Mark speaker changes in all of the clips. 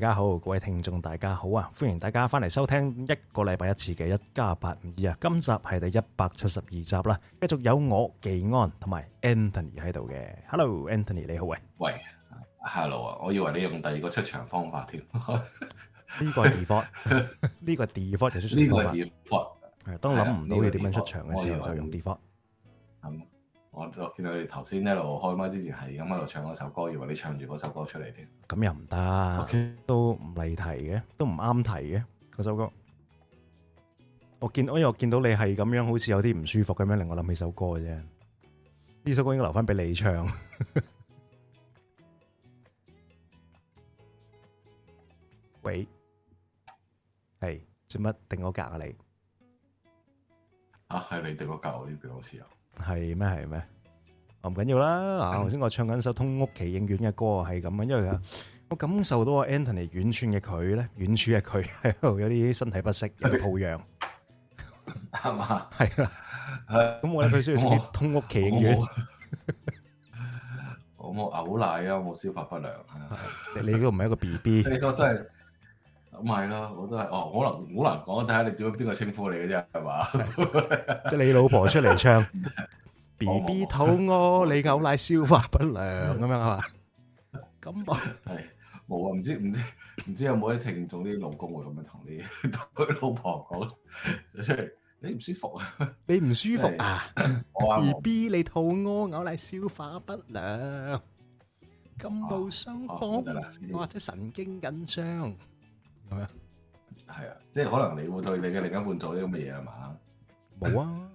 Speaker 1: 大家好，各位聽眾大家好啊！歡迎大家翻嚟收聽一個禮拜一次嘅一家八五二啊！今集係第一百七十二集啦，繼續有我技安同埋 Anthony 喺度嘅。Hello，Anthony
Speaker 2: 你好喂。喂，Hello 啊！我以為你用第二個出場方法添，呢 個，個 default 呢個 default 呢個就屬於方法。係、這個，當諗唔到你點樣出場嘅時候，就用 default。這個 default, 我我見到你頭先一路開麥之前係咁喺度唱嗰首歌，以為你唱住嗰首歌出嚟添。
Speaker 1: 咁又唔得，都唔離題嘅，都唔啱題嘅嗰首歌。我見，因為我見到你係咁樣，好似有啲唔舒服咁樣，令我諗起首歌嘅啫。呢 首歌應該留翻俾你唱。 喂，係，做乜定個格啊？你
Speaker 2: 啊，係你定個格，我呢邊好似有。
Speaker 1: 係咩？係咩？緊嗯、我唔緊要啦。嗱，頭先我唱緊首《通屋奇影院》嘅歌係咁，因為佢我感受到阿 Anthony 遠處，嘅佢咧，遠處嘅佢喺度有啲身體不適，有啲抱恙，
Speaker 2: 係嘛？
Speaker 1: 係 啦，咁、啊、 我咧佢需要通屋奇影院。
Speaker 2: 我冇牛 奶啊，我冇消化不良、
Speaker 1: 啊、 你都唔係一個 B B？你覺真係。
Speaker 2: 咁咪咯，我都係哦，可能好難講，睇下你點樣邊個稱呼你嘅啫，係嘛？即係 你老婆出嚟唱
Speaker 1: B B 肚屙，你牛奶消化不
Speaker 2: 良咁樣
Speaker 1: 係嘛？咁
Speaker 2: 啊，係冇啊，唔知唔知唔知有冇啲聽眾啲老公會咁樣同你。同 佢老婆講，就出嚟你唔舒服，
Speaker 1: 舒服寶
Speaker 2: 寶 up，啊？你唔舒服啊？B B 你肚屙，牛奶消化不良，
Speaker 1: 感冒傷風或者神經緊張。
Speaker 2: 係啊，即係可能你會對你嘅另一半做啲咁嘅嘢係嘛？冇啊，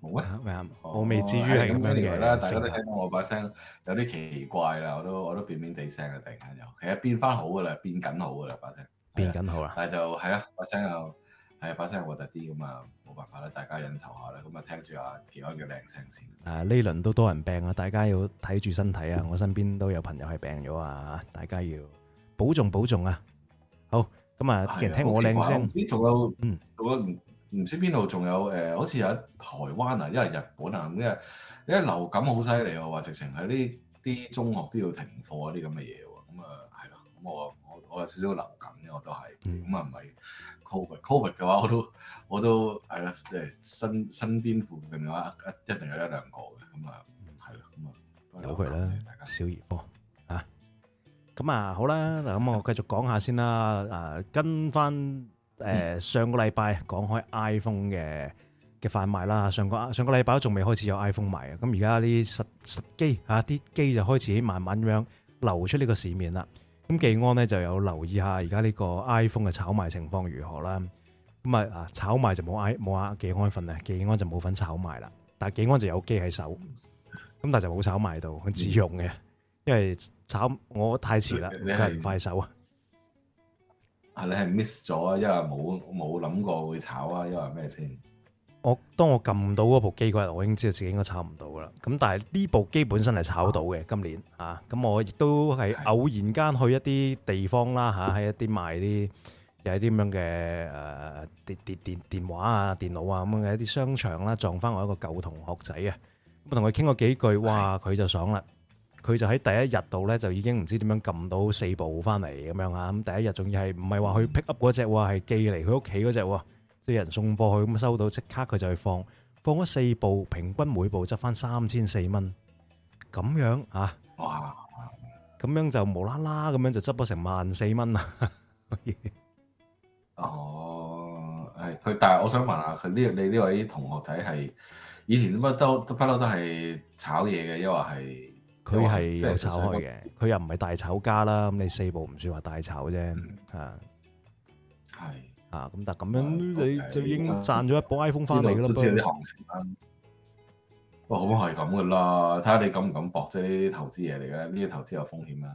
Speaker 2: 冇 啊，我未至於係、哦、咁樣嘅。啦，大家都聽到我把聲有啲奇怪啦，我都我都變變地聲啊，突然間又，其實變翻好噶啦，變緊好噶啦把聲，
Speaker 1: 變緊好啦、啊。
Speaker 2: 但係就係啦，把聲又係把聲又核突啲咁啊，冇辦法啦，大家忍受下啦。咁啊，聽住阿祈安嘅靚聲先。
Speaker 1: 誒、啊，呢輪都多人病啊，大家要睇住身體啊。我身邊都有朋友係病咗啊，大家要。保重保重啊！好咁啊、嗯，聽聽我靚聲。啲
Speaker 2: 仲有，嗯，咁唔唔知邊度仲有誒、呃，好似喺台灣啊，因為日本啊，因為因為流感好犀利啊，話直情喺呢啲中學都要停課啲咁嘅嘢喎。咁啊係啦，咁我我我有少少流感嘅、啊，我都係。咁啊唔係，covid covid 嘅話我，我都我都係啦，即係身身邊附近嘅話，一一定有一兩個嘅。咁啊係啦，咁啊
Speaker 1: 有佢啦，大家小兒科。咁啊，好啦，嗱，咁我繼續講下先啦，啊，跟翻，誒、呃、上個禮拜講開 iPhone 嘅嘅販賣啦，上個上個禮拜都仲未開始有 iPhone 賣嘅啊。咁而家啲實實機吓，啲機就開始慢慢咁樣流出呢個市面啦。咁紀安咧就有留意下而家呢個 iPhone 嘅炒賣情況如何啦。咁啊，炒賣就冇 I 冇阿紀安份啊，紀安就冇份炒賣啦，但係紀安就有機喺手，咁但係就冇炒賣到，自用嘅，因為。炒我太遲啦！你係唔快手啊，
Speaker 2: 係你係 miss 咗啊，因為冇冇諗過會炒啊，因為咩先？
Speaker 1: 我當我撳到部機嗰日，我已經知道自己應該炒唔到噶啦。咁但係呢部機本身係炒到嘅，啊，今年嚇。咁、啊、我亦都係偶然間去一啲地方啦嚇，喺、啊、一啲賣啲又係啲咁樣嘅誒電電電電話啊、電腦啊咁、啊、樣嘅一啲商場啦，撞翻我一個舊同學仔啊，咁同佢傾過幾句，哇佢就爽啦。佢就喺第一日度咧，就已經唔知點樣撳到四部翻嚟咁樣啊。咁第一日仲要係唔係話去 pick up 嗰隻喎，係寄嚟佢屋企嗰隻，即係、嗯、有人送貨去咁，收到即刻佢就去放放咗四部，平均每部執翻三千四蚊咁樣啊。哇！咁樣就無啦啦咁樣就執咗成萬四蚊啊。
Speaker 2: 哦，係佢，但係我想問下佢呢？你呢位同學仔係以前乜都都不嬲都係炒嘢嘅，因為係？佢係有炒開嘅，
Speaker 1: 佢又唔係大炒家啦。咁你四部唔算話大炒啫，
Speaker 2: 吓、嗯、係啊。咁但咁樣你就已經賺咗一部 iPhone 翻嚟啦，都知啲行情啦。哇、哦、好、哦、啊，係咁噶啦。睇下你敢唔敢搏啫？呢啲投資嘢嚟嘅，呢啲投資有風險啊。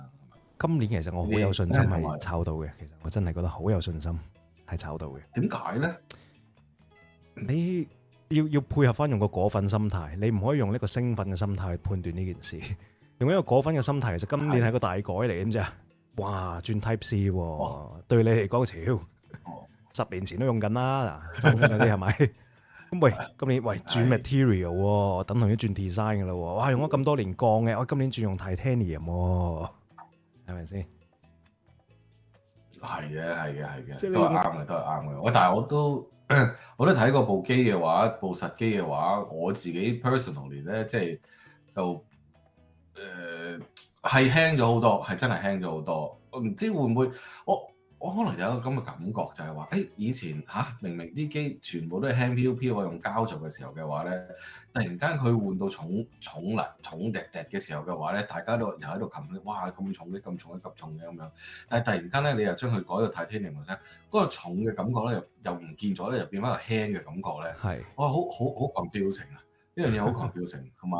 Speaker 1: 今年其實我好有信心係炒到嘅。其實我真係覺得好有信心係炒到嘅。點
Speaker 2: 解咧？
Speaker 1: 你要要配合翻用個果粉心態，你唔可以用呢個興奮嘅心態去判斷呢件事。用一個果粉嘅心態，其實今年係個大改嚟，知唔知啊？哇，轉 Type C，對你嚟講，潮，十年前都用緊啦，嗱，嗰啲係咪？咁喂，今年喂轉 Material，等同於轉 Design 㗎喇，哇，用咗咁多年鋼嘅，我今年轉用 Titanium 喎，係咪先？係嘅，係
Speaker 2: 嘅，係嘅，都係啱嘅，都係啱嘅。我但係我都我都睇過部機嘅話，部實機嘅話，我自己 personally 咧，即係就。誒、呃、係輕咗好多，係真係輕咗好多。我唔知會唔會，我我可能有個咁嘅感覺就係，就係話：誒以前嚇、啊、明明啲機全部都係輕飄飄，用膠做嘅時候嘅話咧，突然間佢換到重重嚟重滴滴嘅時候嘅話咧，大家都又喺度擒咧，哇咁重啲，咁重一級重嘅咁樣。但係突然間咧，你又將佢改到 Titanium 嗰個重嘅感覺咧又又唔見咗咧，又變翻個輕嘅感覺咧。係，哇好好好 confusing 啊！呢樣嘢好 confusing，同埋。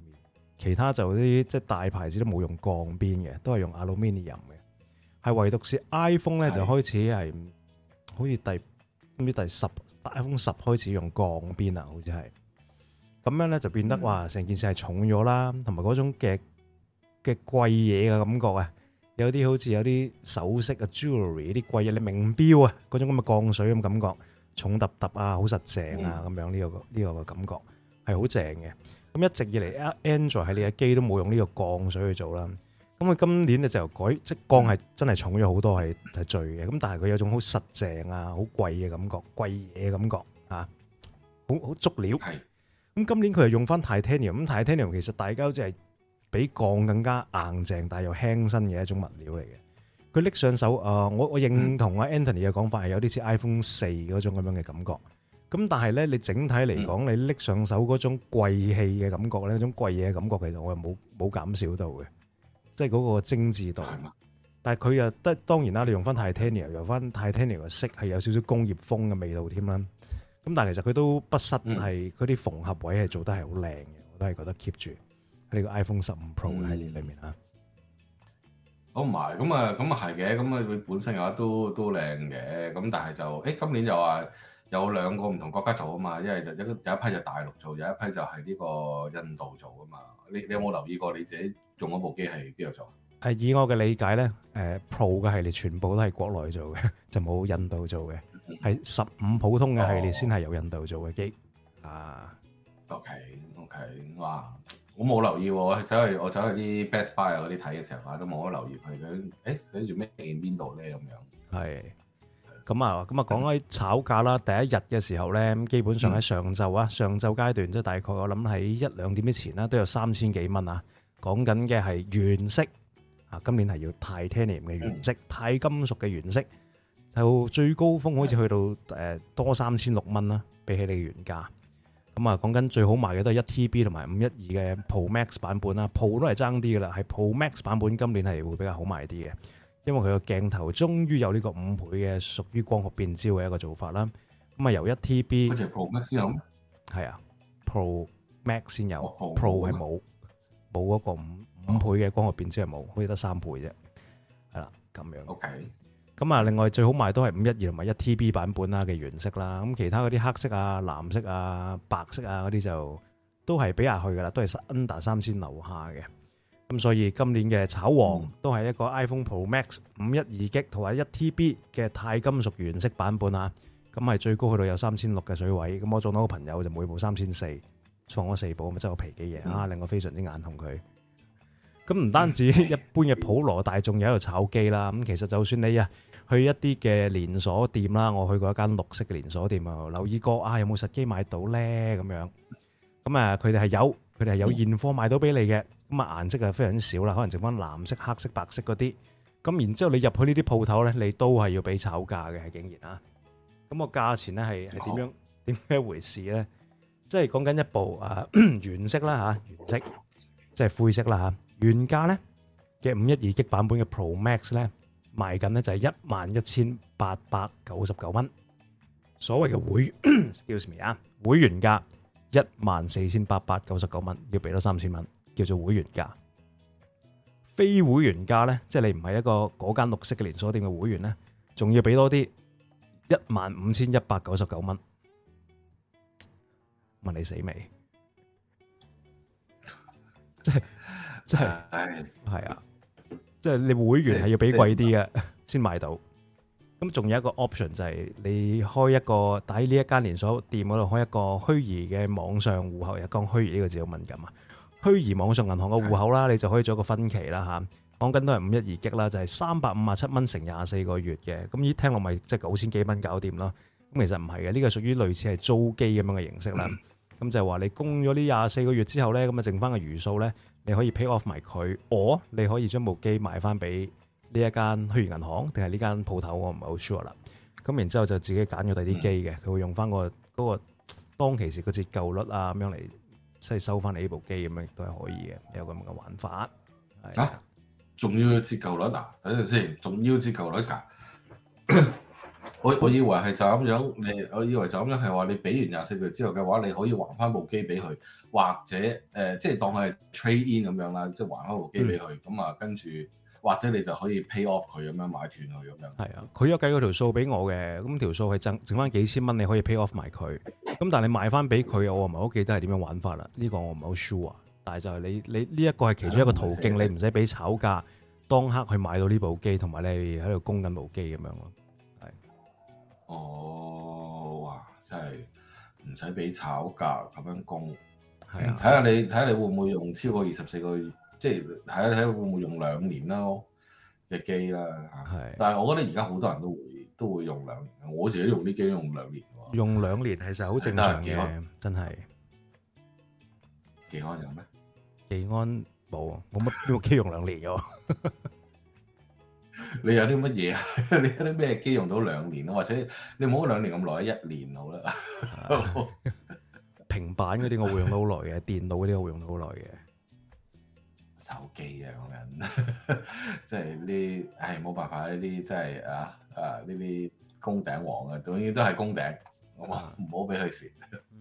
Speaker 1: 其他就啲即係大牌子都冇用鋼邊嘅，都係用 aluminium 嘅。係唯獨是 iPhone 咧就開始係好似第唔知第十，iPhone 十開始用鋼邊啊，好似係咁樣咧就變得話成件事係重咗啦，同埋嗰種嘅嘅貴嘢嘅感覺啊，有啲好似有啲首飾啊 jewelry 啲貴嘢，你名錶啊嗰種咁嘅鋼水咁感覺，重揼揼啊，好實淨啊咁樣，呢個呢個嘅感覺係好正嘅。咁一直以嚟，Android 喺你嘅機都冇用呢個鋼水去做啦。咁佢今年咧就改，即鋼係真係重咗好多，係係鋁嘅。咁但係佢有種好實淨啊、好貴嘅感覺，貴嘢嘅感覺啊，好好足料。咁今年佢又用翻 Titanium。咁 Titanium 其實大家好似係比鋼更加硬淨，但係又輕身嘅一種物料嚟嘅。佢拎上手啊，我我認同啊 Anthony 嘅講法，係有啲似 iPhone 四嗰種咁樣嘅感覺。咁但係咧，你整體嚟講，你拎上手嗰種貴氣嘅感覺咧，種貴嘢嘅感覺其實我又冇冇減少到嘅，即係嗰個精緻度。但係佢又得當然啦，你用翻 Titanium，用翻 Titanium 嘅色係有少少工業風嘅味道添啦。咁但係其實佢都不失係嗰啲縫合位係做得係好靚嘅，我都係覺得 keep 住呢個 iPhone 十五 Pro
Speaker 2: 喺呢裏面啊。哦，唔係，咁啊，咁啊係嘅，咁啊佢本身嘅話都都靚嘅，咁但係就誒今年又話。有兩個唔同國家做啊嘛，因為就一有一批就大陸做，有一批就係呢個印度做啊嘛。你你有冇留意過你自己用嗰部機係邊度做？
Speaker 1: 係以我嘅理解咧，誒 Pro 嘅系列全部都係國內做嘅，就冇印度做嘅，係十五普通嘅系列先係由印度做嘅機。
Speaker 2: 啊，OK OK，哇！我冇留意喎，我走去我走去啲 Best Buy 啊嗰啲睇嘅時候啊，都冇乜留意佢嘅，誒寫住咩邊度咧咁樣。
Speaker 1: 係。咁啊，咁啊，講開炒價啦，第一日嘅時候咧，基本上喺上晝啊，上晝階段即係大概我諗喺一兩點之前啦，都有三千幾蚊啊。講緊嘅係原色啊，今年係要 titanium 嘅原色，鈦金屬嘅原色，就最高峰好似去到誒多三千六蚊啦，比起你嘅原價。咁啊，講緊最好賣嘅都係一 TB 同埋五一二嘅 Pro Max 版本啦，Pro 都係爭啲噶啦，係 Pro Max 版本今年係會比較好賣啲嘅。因為佢個鏡頭終於有呢個五倍嘅屬於光學變焦嘅一個做法啦，咁啊由一 TB，即 Pro Max 先有，係、嗯、啊 Pro Max 先有、oh,，Pro 係冇，冇嗰個五五、oh. 倍嘅光學變焦係冇，好似得三倍啫，係啦咁樣。OK。咁啊，另外最好賣都係五一二同埋一 TB 版本啦嘅原色啦，咁其他嗰啲黑色啊、藍色啊、白色啊嗰啲就都係比下去噶啦，都係 under 三千樓下嘅。咁所以今年嘅炒王都係一個 iPhone Pro Max 五一二 G 同埋一 T B 嘅鈦金屬原色版本啊。咁係最高去到有三千六嘅水位。咁我撞到個朋友就每部三千四，放咗四部，咁真係皮幾嘢啊！令我非常之眼紅佢。咁、嗯、唔單止一般嘅普羅大眾有喺度炒機啦，咁其實就算你啊去一啲嘅連鎖店啦，我去過一間綠色嘅連鎖店啊，留意過啊，有冇實機買到呢？咁樣咁啊，佢哋係有，佢哋係有現貨買到俾你嘅。咁啊，顏色就非常之少啦，可能剩翻藍色、黑色、白色嗰啲。咁然之後你入去呢啲鋪頭咧，你都係要俾炒價嘅，竟然啊！咁個價錢咧係係點樣點咩回事咧？即係講緊一部啊原色啦吓，原色即係灰色啦吓。原價咧嘅五一二 G 版本嘅 Pro Max 咧賣緊咧就係一萬一千八百九十九蚊。所謂嘅會，excuse me 啊，會員價一萬四千八百九十九蚊，要俾多三千蚊。叫做會員價，非會員價咧，即係你唔係一個嗰間綠色嘅連鎖店嘅會員咧，仲要俾多啲一萬五千一百九十九蚊。問你死未？ 即係即係，係 啊！即係你會員係要俾貴啲嘅先買到。咁仲有一個 option 就係你開一個喺呢一間連鎖店嗰度開一個虛擬嘅網上戶口，又講虛擬呢個字好敏感啊！虛擬網上銀行嘅戶口啦，你就可以做一個分期啦嚇。講緊都係五一二 G 啦，就係三百五十七蚊乘廿四個月嘅。咁一聽落咪即係九千幾蚊搞掂咯。咁其實唔係嘅，呢個屬於類似係租機咁樣嘅形式啦。咁、嗯、就係話你供咗呢廿四個月之後咧，咁啊剩翻個餘數咧，你可以 pay off 埋佢。哦，你可以將部機賣翻俾呢一間虛擬銀行，定係呢間鋪頭？我唔係好 sure 啦。咁然之後就自己揀咗第二啲機嘅，佢會用翻個嗰個當其時個折舊率啊咁樣嚟。即係收翻你呢部機咁樣亦都係可以嘅，有咁嘅玩法。
Speaker 2: 嚇，仲、啊、要折舊率嗱、啊，等陣先，仲要折舊率噶、啊。 我我以為係就咁樣，你我以為就咁樣係話你俾完廿四個月之後嘅話，你可以還翻部機俾佢，或者誒、呃，即係當係 trade in 咁樣啦，即、就、係、是、還翻部機俾佢。咁、嗯、啊，跟住。或者你就可以 pay off 佢咁樣買斷佢咁樣。係啊，
Speaker 1: 佢有計嗰條數俾我嘅，咁條數係淨剩翻幾千蚊，你可以 pay off 埋佢。咁但係你賣翻俾佢，我唔係好記得係點樣玩法啦。呢個我唔係好 sure，啊，但係就係你你呢一個係其中一個途徑，你唔使俾炒價當刻去買到呢部機，同埋你喺度供緊部機咁樣咯。
Speaker 2: 係。哦，哇！真係唔使俾炒價咁樣供。係啊。睇下你睇下你會唔會用超過二十四個月？即係睇下睇下會唔會用兩年啦嘅機啦嚇，但係我覺得而家好多人都會都會用兩年，我自己用啲機用兩年
Speaker 1: 用兩年係實好正常嘅，真係。幾安有咩？幾安冇，冇乜
Speaker 2: 邊個機用兩年嘅？ 你有啲乜嘢啊？ 你有啲咩機用到兩年啊？或者你唔好兩年咁耐，一年好啦。啊、
Speaker 1: 平板嗰啲我會用到好耐嘅， 電腦嗰啲我會用到好耐嘅。
Speaker 2: 手機啊咁樣、啊啊嗯嗯啊，即係呢啲，唉冇辦法呢啲，即係啊啊呢啲攻頂王啊，永遠都係攻頂，唔好唔好俾佢蝕。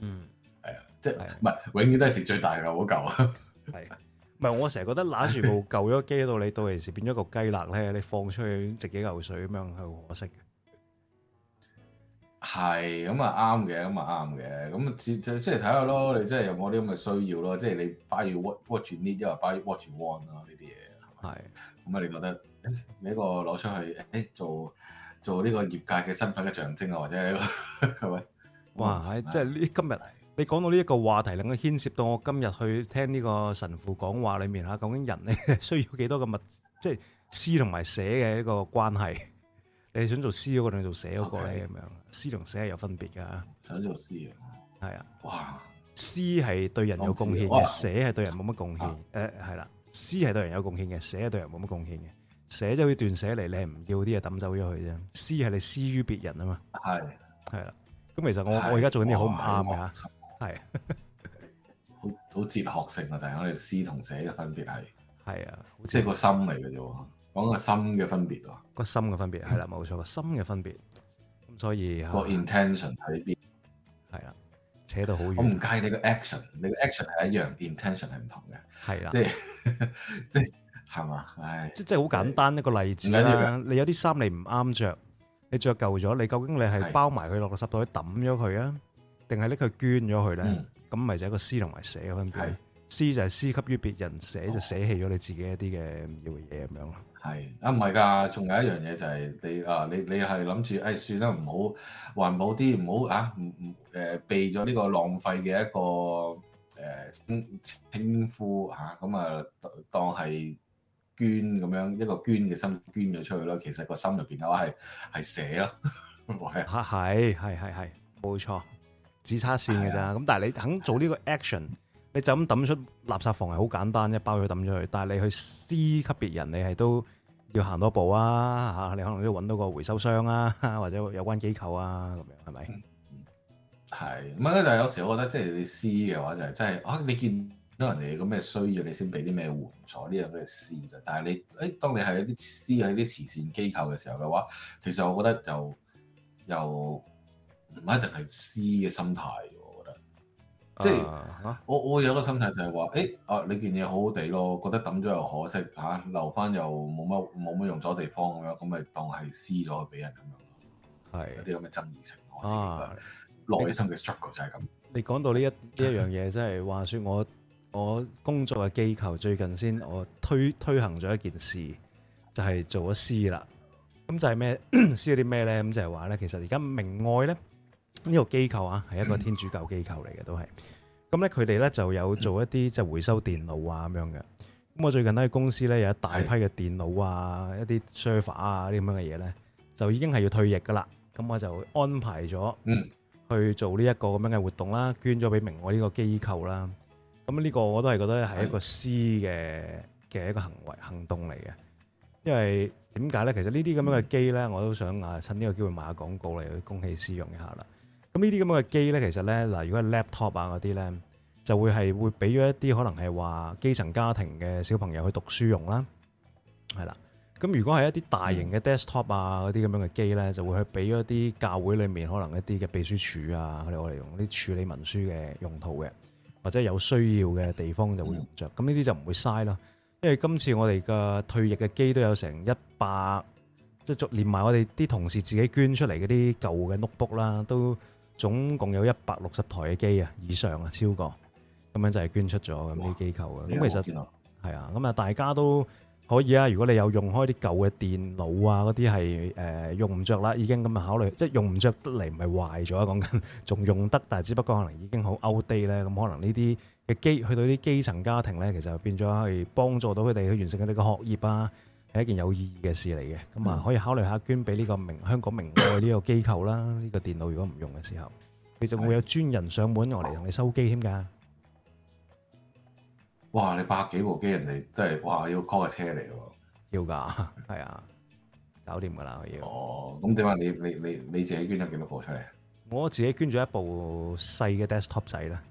Speaker 2: 嗯，係啊，即係唔係永遠都係蝕最大嘅好舊啊？係，唔係我成日覺得揦
Speaker 1: 住部舊咗機喺度，你到時變咗個雞肋咧，你放出去值幾嚿水咁樣係好可惜嘅。
Speaker 2: 係，咁啊啱嘅，咁啊啱嘅，咁啊就即係睇下咯，你即係有冇啲咁嘅需要咯，即係你 buy what you need，亦或 buy what you want 啊呢啲嘢。係，咁啊，你覺得你一個攞出去，誒、欸、做做呢個業界嘅身份嘅象徵，啊，或者係咪、這個？哇，係即係呢今日
Speaker 1: 你講到呢一個話題，能夠牽涉到我今日去聽呢個神父講話裡面嚇，究竟人咧需要幾多嘅物質，即係詩同埋寫嘅一個關係。你想做詩嗰個定做寫嗰、嗰個咧？咁樣，詩同寫係有分別噶。想做詩啊，係啊。哇，詩係對人有貢獻，寫係對人冇乜貢獻。誒、啊，係、呃、啦，詩係、啊、對人有貢獻嘅，寫係對人冇乜貢獻嘅。寫就一段寫嚟，你係唔要啲嘢抌走咗佢啫。詩係你施於別人啊嘛。係係啦。咁、啊啊、其實我、啊、我而家做緊啲嘢好唔啱嘅，
Speaker 2: 係。好、啊、好哲學性啊！但係我哋詩同寫嘅分別係，係啊，即係個心嚟嘅啫。講個心嘅分別
Speaker 1: 喎，個心嘅分別係啦，冇錯啊，心嘅分別。
Speaker 2: 咁所以個 intention 喺邊，係啦，扯到好遠。我唔介意你個 action，你個 action 係一樣，intention 係唔同嘅，係啦，即係即係係嘛，唉，
Speaker 1: 即係即係好簡單一個例子啦，就是，你有啲衫你唔啱着，你着舊咗，你究竟你係包埋佢落垃圾袋抌咗佢啊，定係拎佢捐咗佢咧？咁、嗯、咪就係一個施同埋捨嘅分別。施就係施給予別人，捨就捨棄咗你自己一啲嘅唔要嘅
Speaker 2: 嘢咁樣咯。係啊，唔係㗎，仲有一樣嘢就係你啊，你你係諗住誒算啦，唔好環保啲，唔好啊，唔唔誒避咗呢個浪費嘅一個誒稱稱呼吓，咁啊當係捐咁樣一個捐嘅心捐咗出去咯，其實個心入邊嘅話係係寫咯，係
Speaker 1: 啊，係係係係冇錯，只差線嘅咋，咁但係你肯做呢個 action。你就咁抌出垃圾房係好簡單啫，包佢抌咗去。但係你去施級別人，你係都要行多步啊嚇！你可能都要揾到個回收商啊，或者有關機構啊咁樣，係咪？係，
Speaker 2: 唔係咧？就係有時我覺得即係、就係、你施嘅話就係真係啊！你見到人哋有咩需要，你先俾啲咩援助呢樣嘅施㗎。但係你誒，當你係一啲施喺啲慈善機構嘅時候嘅話，其實我覺得又又唔一定係施嘅心態。即係、啊、我我有個心態就係話，誒啊你件嘢好好地咯，覺得抌咗又可惜嚇、啊，留翻又冇乜冇乜用咗地方咁樣，咁咪當係撕咗俾人咁樣。係有啲咁嘅爭議性，我
Speaker 1: 先
Speaker 2: 內心嘅 struggle 就係、是、咁。
Speaker 1: 你講到呢一呢一樣嘢，即係話說我，我我工作嘅機構最近先我推推行咗一件事，就係、是、做咗撕啦。咁就係咩撕啲咩咧？咁 就係話咧，其實而家明愛咧。呢個機構啊，係一個天主教機構嚟嘅，都係。咁咧，佢哋咧就有做一啲即係回收電腦啊咁樣嘅。咁我最近咧公司咧有一大批嘅電腦啊，一啲 server 啊啲咁樣嘅嘢咧，就已經係要退役噶啦。咁我就安排咗去做呢一個咁樣嘅活動啦，捐咗俾明愛呢個機構啦。咁呢個我都係覺得係一個私嘅嘅一個行為行動嚟嘅。因為點解咧？其實呢啲咁樣嘅機咧，我都想啊趁呢個機會賣下廣告嚟，去公器私用一下啦。咁呢啲咁樣嘅機咧，其實咧嗱，如果係 laptop 啊嗰啲咧，就會係會俾咗一啲可能係話基層家庭嘅小朋友去讀書用啦，係啦。咁如果係一啲大型嘅 desktop 啊嗰啲咁樣嘅機咧，就會去俾咗啲教會裏面可能一啲嘅秘書處啊，佢哋用啲處理文書嘅用途嘅，或者有需要嘅地方就會用着。咁呢啲就唔會嘥啦，因為今次我哋嘅退役嘅機都有成一百，即係連埋我哋啲同事自己捐出嚟嗰啲舊嘅 notebook 啦，都。總共有一百六十台嘅機啊，以上啊，超過咁樣就係捐出咗咁啲機構啊。咁。其實係啊，咁啊，大家都可以啊。如果你有用開啲舊嘅電腦啊，嗰啲係誒用唔着啦，已經咁啊考慮，即係用唔着、啊，得嚟唔係壞咗講緊，仲用得，但係只不過可能已經好 outdate 咧、嗯。咁可能呢啲嘅機去到啲基層家庭咧，其實變咗係幫助到佢哋去完成佢哋嘅學業啊。係一件有意義嘅事嚟嘅，咁啊可以考慮一下捐俾呢個明香港明愛呢個機構啦。呢、 呢個電腦如果唔用嘅時候，你仲會有專人上門落嚟同你收機添㗎？哇！
Speaker 2: 你百幾部機，人哋真係哇要 call 架車嚟喎，要㗎？係啊，搞掂㗎啦，我要。哦，咁點解你你你你自己捐得幾多部出嚟？
Speaker 1: 我自己捐咗一部細嘅 desktop 仔
Speaker 2: 啦。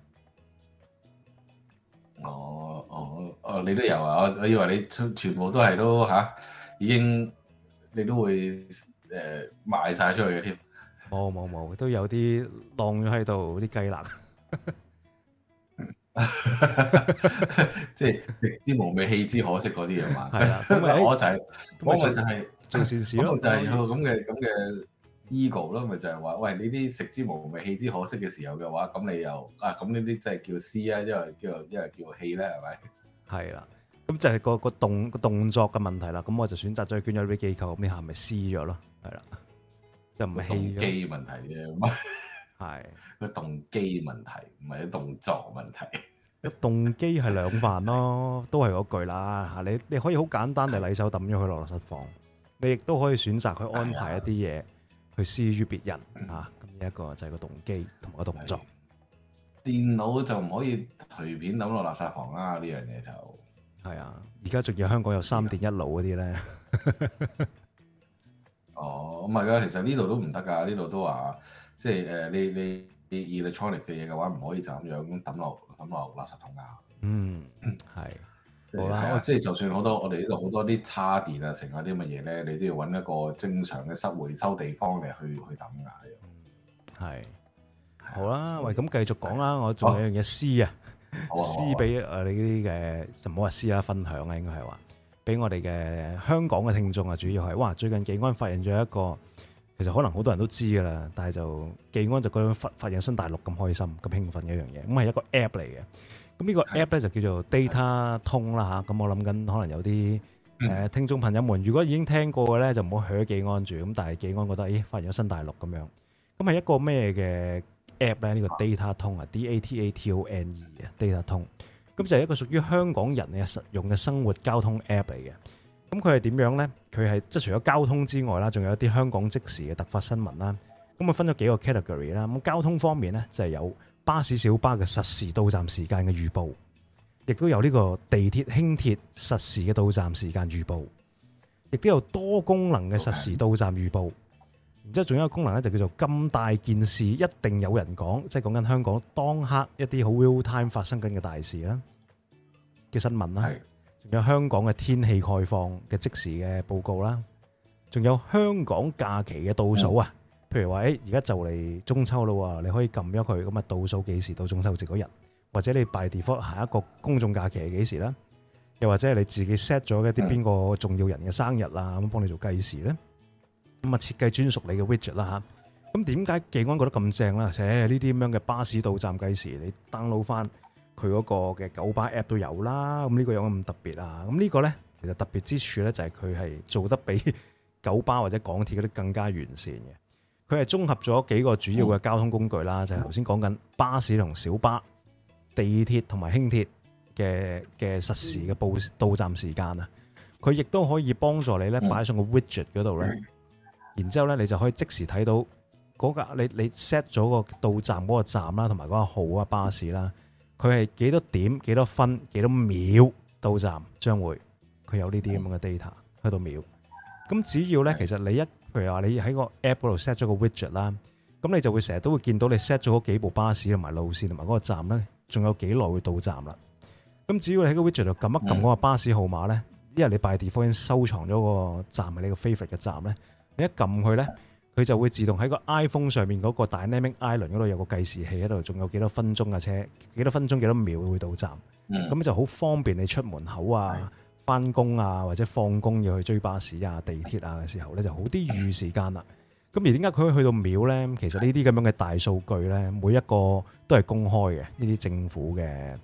Speaker 2: 我、我、我你都有啊！我、我以為你全部都係都吓，已經你都會誒賣晒出去嘅添。冇冇冇，
Speaker 1: 都有啲晾咗喺度啲雞肋，
Speaker 2: 即係食之無味棄之可惜嗰啲啊嘛。咁 啊，我 就係、是，我咪就係、是、做善事咯，是就係有咁嘅咁嘅。Ego 咯，咪就係話，喂呢啲食之無味棄之可惜嘅時候嘅話，咁你又啊咁呢啲真係叫施啊，因為叫做因為叫棄咧，係咪？
Speaker 1: 係啦，咁就係個個動個動作嘅問題啦。咁我就選擇咗捐咗俾機構，咁你係咪施咗咯，係啦，就唔係棄機問題
Speaker 2: 啫。係個動機問題，唔係啲動作問題。
Speaker 1: 個動機係兩萬咯，都係嗰句啦。嚇，你你可以好簡單地攬手抌咗佢落落實房，你亦都可以選擇去安排一啲嘢。去施於別人嚇，咁呢一個就係個動機同埋個動作。
Speaker 2: 電腦就唔可以隨便抌落垃圾房啦，呢樣嘢就係啊！
Speaker 1: 而家仲有香港有三電一腦嗰啲咧。
Speaker 2: 哦，唔係㗎，其實呢度都唔得㗎，呢度都話即係誒，你你你 electronic 嘅嘢嘅話唔可以就咁樣抌落抌落垃圾桶㗎。嗯，係。咁啊，即、okay。係就算好多我哋呢度好多啲叉電啊，剩啊啲乜嘢咧，你都要揾一個正常嘅室回收地方嚟去去抌㗎。係、
Speaker 1: 啊，好啦，喂，咁繼續講啦、啊。我仲有一樣嘢 share、哦、啊，share 俾啊你啲嘅就唔好話 share 啦，分享啦應該係話，俾我哋嘅香港嘅聽眾啊，主要係哇，最近技安發現咗一個，其實可能好多人都知㗎啦，但係就技安就覺得發現新大陸咁開心咁興奮嘅一樣嘢，咁係一個 app 嚟嘅。咁呢個 app 咧就叫做 Data 通啦嚇，咁我諗緊可能有啲誒聽眾朋友們，如果已經聽過嘅咧就唔好許記安住，咁但係記安覺得，哎，發現咗新大陸咁樣，咁係一個咩嘅 app 咧？呢個 Data 通啊，D A T A T O N E 啊，Data 通，咁就係一個屬於香港人嘅實用嘅生活交通 app 嚟嘅。咁佢係點樣咧？佢係即係除咗交通之外啦，仲有一啲香港即時嘅突發新聞啦。咁啊分咗幾個 category 啦。咁交通方面咧就係有。巴士小巴嘅實時到站時間嘅預報，亦都有呢個地鐵輕鐵實時嘅到站時間預報，亦都有多功能嘅實時到站預報。然之後仲有一個功能咧，就叫做咁大件事一定有人講，即係講緊香港當刻一啲好 real time 發生緊嘅大事啦嘅新聞啦，仲、okay. 有香港嘅天氣概況嘅即時嘅報告啦，仲有香港假期嘅倒數啊！Okay. 嗯譬如話，誒而家就嚟中秋啦喎，你可以撳咗佢，咁啊倒數幾時到中秋節嗰日，或者你 by default 下一個公眾假期係幾時啦？又或者係你自己 set 咗一啲邊個重要人嘅生日啦，咁幫你做計時咧，咁啊設計專屬你嘅 widget 啦、啊、嚇。咁點解技安覺得咁正咧？而且呢啲咁樣嘅巴士到站計時，你 download 翻佢嗰個嘅九巴 app 都有啦。咁呢個有咁特別啊？咁呢個咧其實特別之處咧就係佢係做得比九巴或者港鐵嗰啲更加完善嘅。佢係綜合咗幾個主要嘅交通工具啦，就係頭先講緊巴士同小巴、地鐵同埋輕鐵嘅嘅實時嘅報到站時間啊。佢亦都可以幫助你咧擺上個 widget 度咧，然之後咧你就可以即時睇到嗰個你你 set 咗個到站嗰個站啦，同埋嗰個號啊巴士啦，佢係幾多點幾多分幾多秒到站，將會佢有呢啲咁嘅 data 去到秒。咁只要咧，其實你一譬如話你喺個 app 嗰度 set 咗個 widget 啦，咁你就會成日都會見到你 set 咗嗰幾部巴士同埋路線同埋嗰個站咧，仲有幾耐會到站啦。咁只要你喺個 widget 度撳一撳嗰個巴士號碼咧，因為你 by default 收藏咗個站喺你個 favorite 嘅站咧，你一撳佢咧，佢就會自動喺個 iPhone 上面嗰個 Dynamic Island 嗰度有個計時器喺度，仲有幾多分鐘嘅車，幾多分鐘幾多秒會到站，咁就好方便你出門口啊。翻工啊，或者放工要去追巴士啊、地鐵啊嘅時候咧，就好啲預時間啦。咁而點解佢可以去到秒咧？其實這這呢啲咁樣嘅大數據咧，每一個都係公開嘅，呢啲政府嘅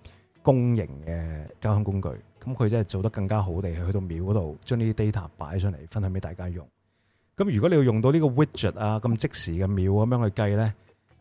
Speaker 1: 公營嘅交通工具。咁佢真係做得更加好地去到秒嗰度，將呢啲 data 擺上嚟分享俾大家用。咁如果你要用到呢個 widget 啊，咁即時嘅秒咁樣去計咧，誒、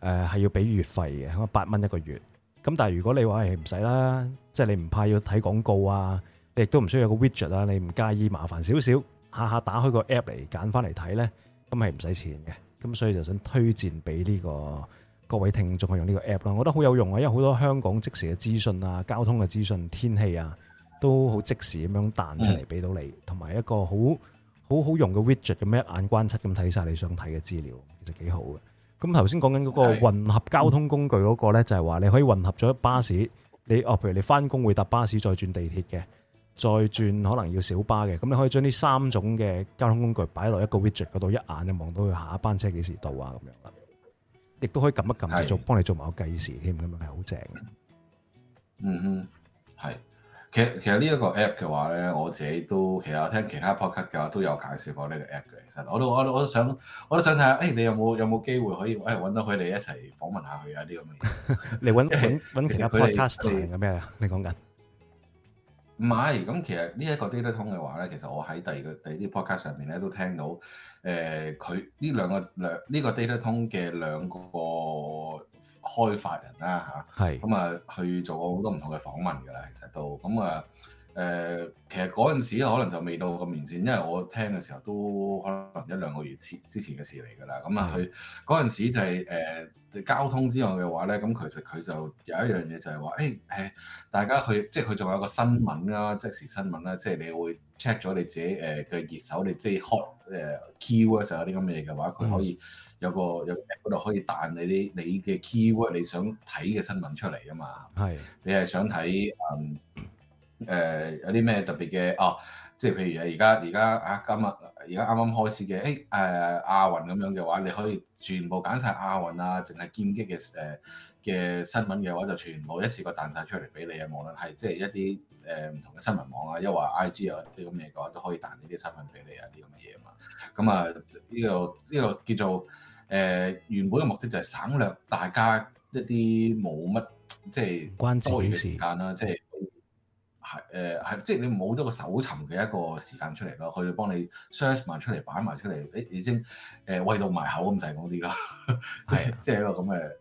Speaker 1: 呃、係要俾月費嘅，咁八蚊一個月。咁但係如果你話係唔使啦，即、就、係、是、你唔怕要睇廣告啊？你亦都唔需要有個 widget 啊！你唔介意麻煩少少，下下打開個 app 嚟揀翻嚟睇呢，咁係唔使錢嘅。咁所以就想推薦俾呢個各位聽眾去用呢個 app 啦。我覺得好有用啊，因為好多香港即時嘅資訊啊、交通嘅資訊、天氣啊，都好即時咁樣彈出嚟俾到你，同埋一個好好好用嘅 widget 咁樣一眼關七咁睇晒你想睇嘅資料，其實幾好嘅。咁頭先講緊嗰個混合交通工具嗰個呢，就係話你可以混合咗巴士，你哦，譬如你翻工會搭巴士再轉地鐵嘅。再轉可能要小巴嘅，咁你可以將呢三種嘅交通工具擺落一個 widget 嗰度，一眼就望到佢下一班車幾時到啊咁樣啦。亦都可以撳一撳繼續幫你做埋個計時添咁樣，係好正。
Speaker 2: 嗯哼，係。其實其實呢一個 app 嘅話咧，我自己都其實我聽其他 podcast 嘅話都有介紹過呢個 app 嘅。其實我都我都我都想我都想睇下，誒你有冇有冇機會可以誒揾到佢哋一齊訪問下佢啊啲咁嘅嘢。你揾揾揾其他 podcaster 定
Speaker 1: 係咩啊？你講緊？
Speaker 2: 唔係，咁其實呢一個 Data 通嘅話咧，其實我喺第二個第二啲 podcast 上面咧都聽到，誒佢呢兩個兩呢、呢個 Data 通嘅兩個開發人啦嚇，係咁啊、嗯、去做過好多唔同嘅訪問㗎啦。其實都咁啊誒，其實嗰陣時候可能就未到咁完善，因為我聽嘅時候都可能一兩個月前之前嘅事嚟㗎啦，咁啊佢嗰陣時候就係、是、誒。呃交通之外嘅話咧，咁其實佢就有一樣嘢就係話，誒、哎、誒，大家佢即係佢仲有個新聞啦、啊，即時新聞啦、啊，即係你會 check 咗你自己誒嘅熱搜，你即係 h、呃、keyword 有啲咁嘅嘢嘅話，佢可以有個有度可以彈你啲你嘅 keyword 你想睇嘅新聞出嚟啊嘛。係，你係想睇誒誒有啲咩特別嘅？哦，即係譬如啊，而家而家啊，今日。而家啱啱開始嘅，誒誒亞運咁樣嘅話，你可以全部揀晒亞運啊，淨係劍擊嘅誒嘅新聞嘅話，就全部一次過彈晒出嚟俾你啊！無論係即係一啲誒唔同嘅新聞網啊，又或 IG 啊啲咁嘢嘅話，都可以彈呢啲新聞俾你啊啲咁嘅嘢啊嘛。咁啊，呢、這個呢、這個叫做誒、呃、原本嘅目的就係省略大家一啲冇乜即係多餘嘅時間啦，即係。係誒係，即、呃、係、就係、你冇咗個搜尋嘅一個時間出嚟咯，佢幫你 search 埋出嚟，擺埋出嚟，誒你先誒餵到埋口咁 滯嗰啲啦，係，即係一個咁嘅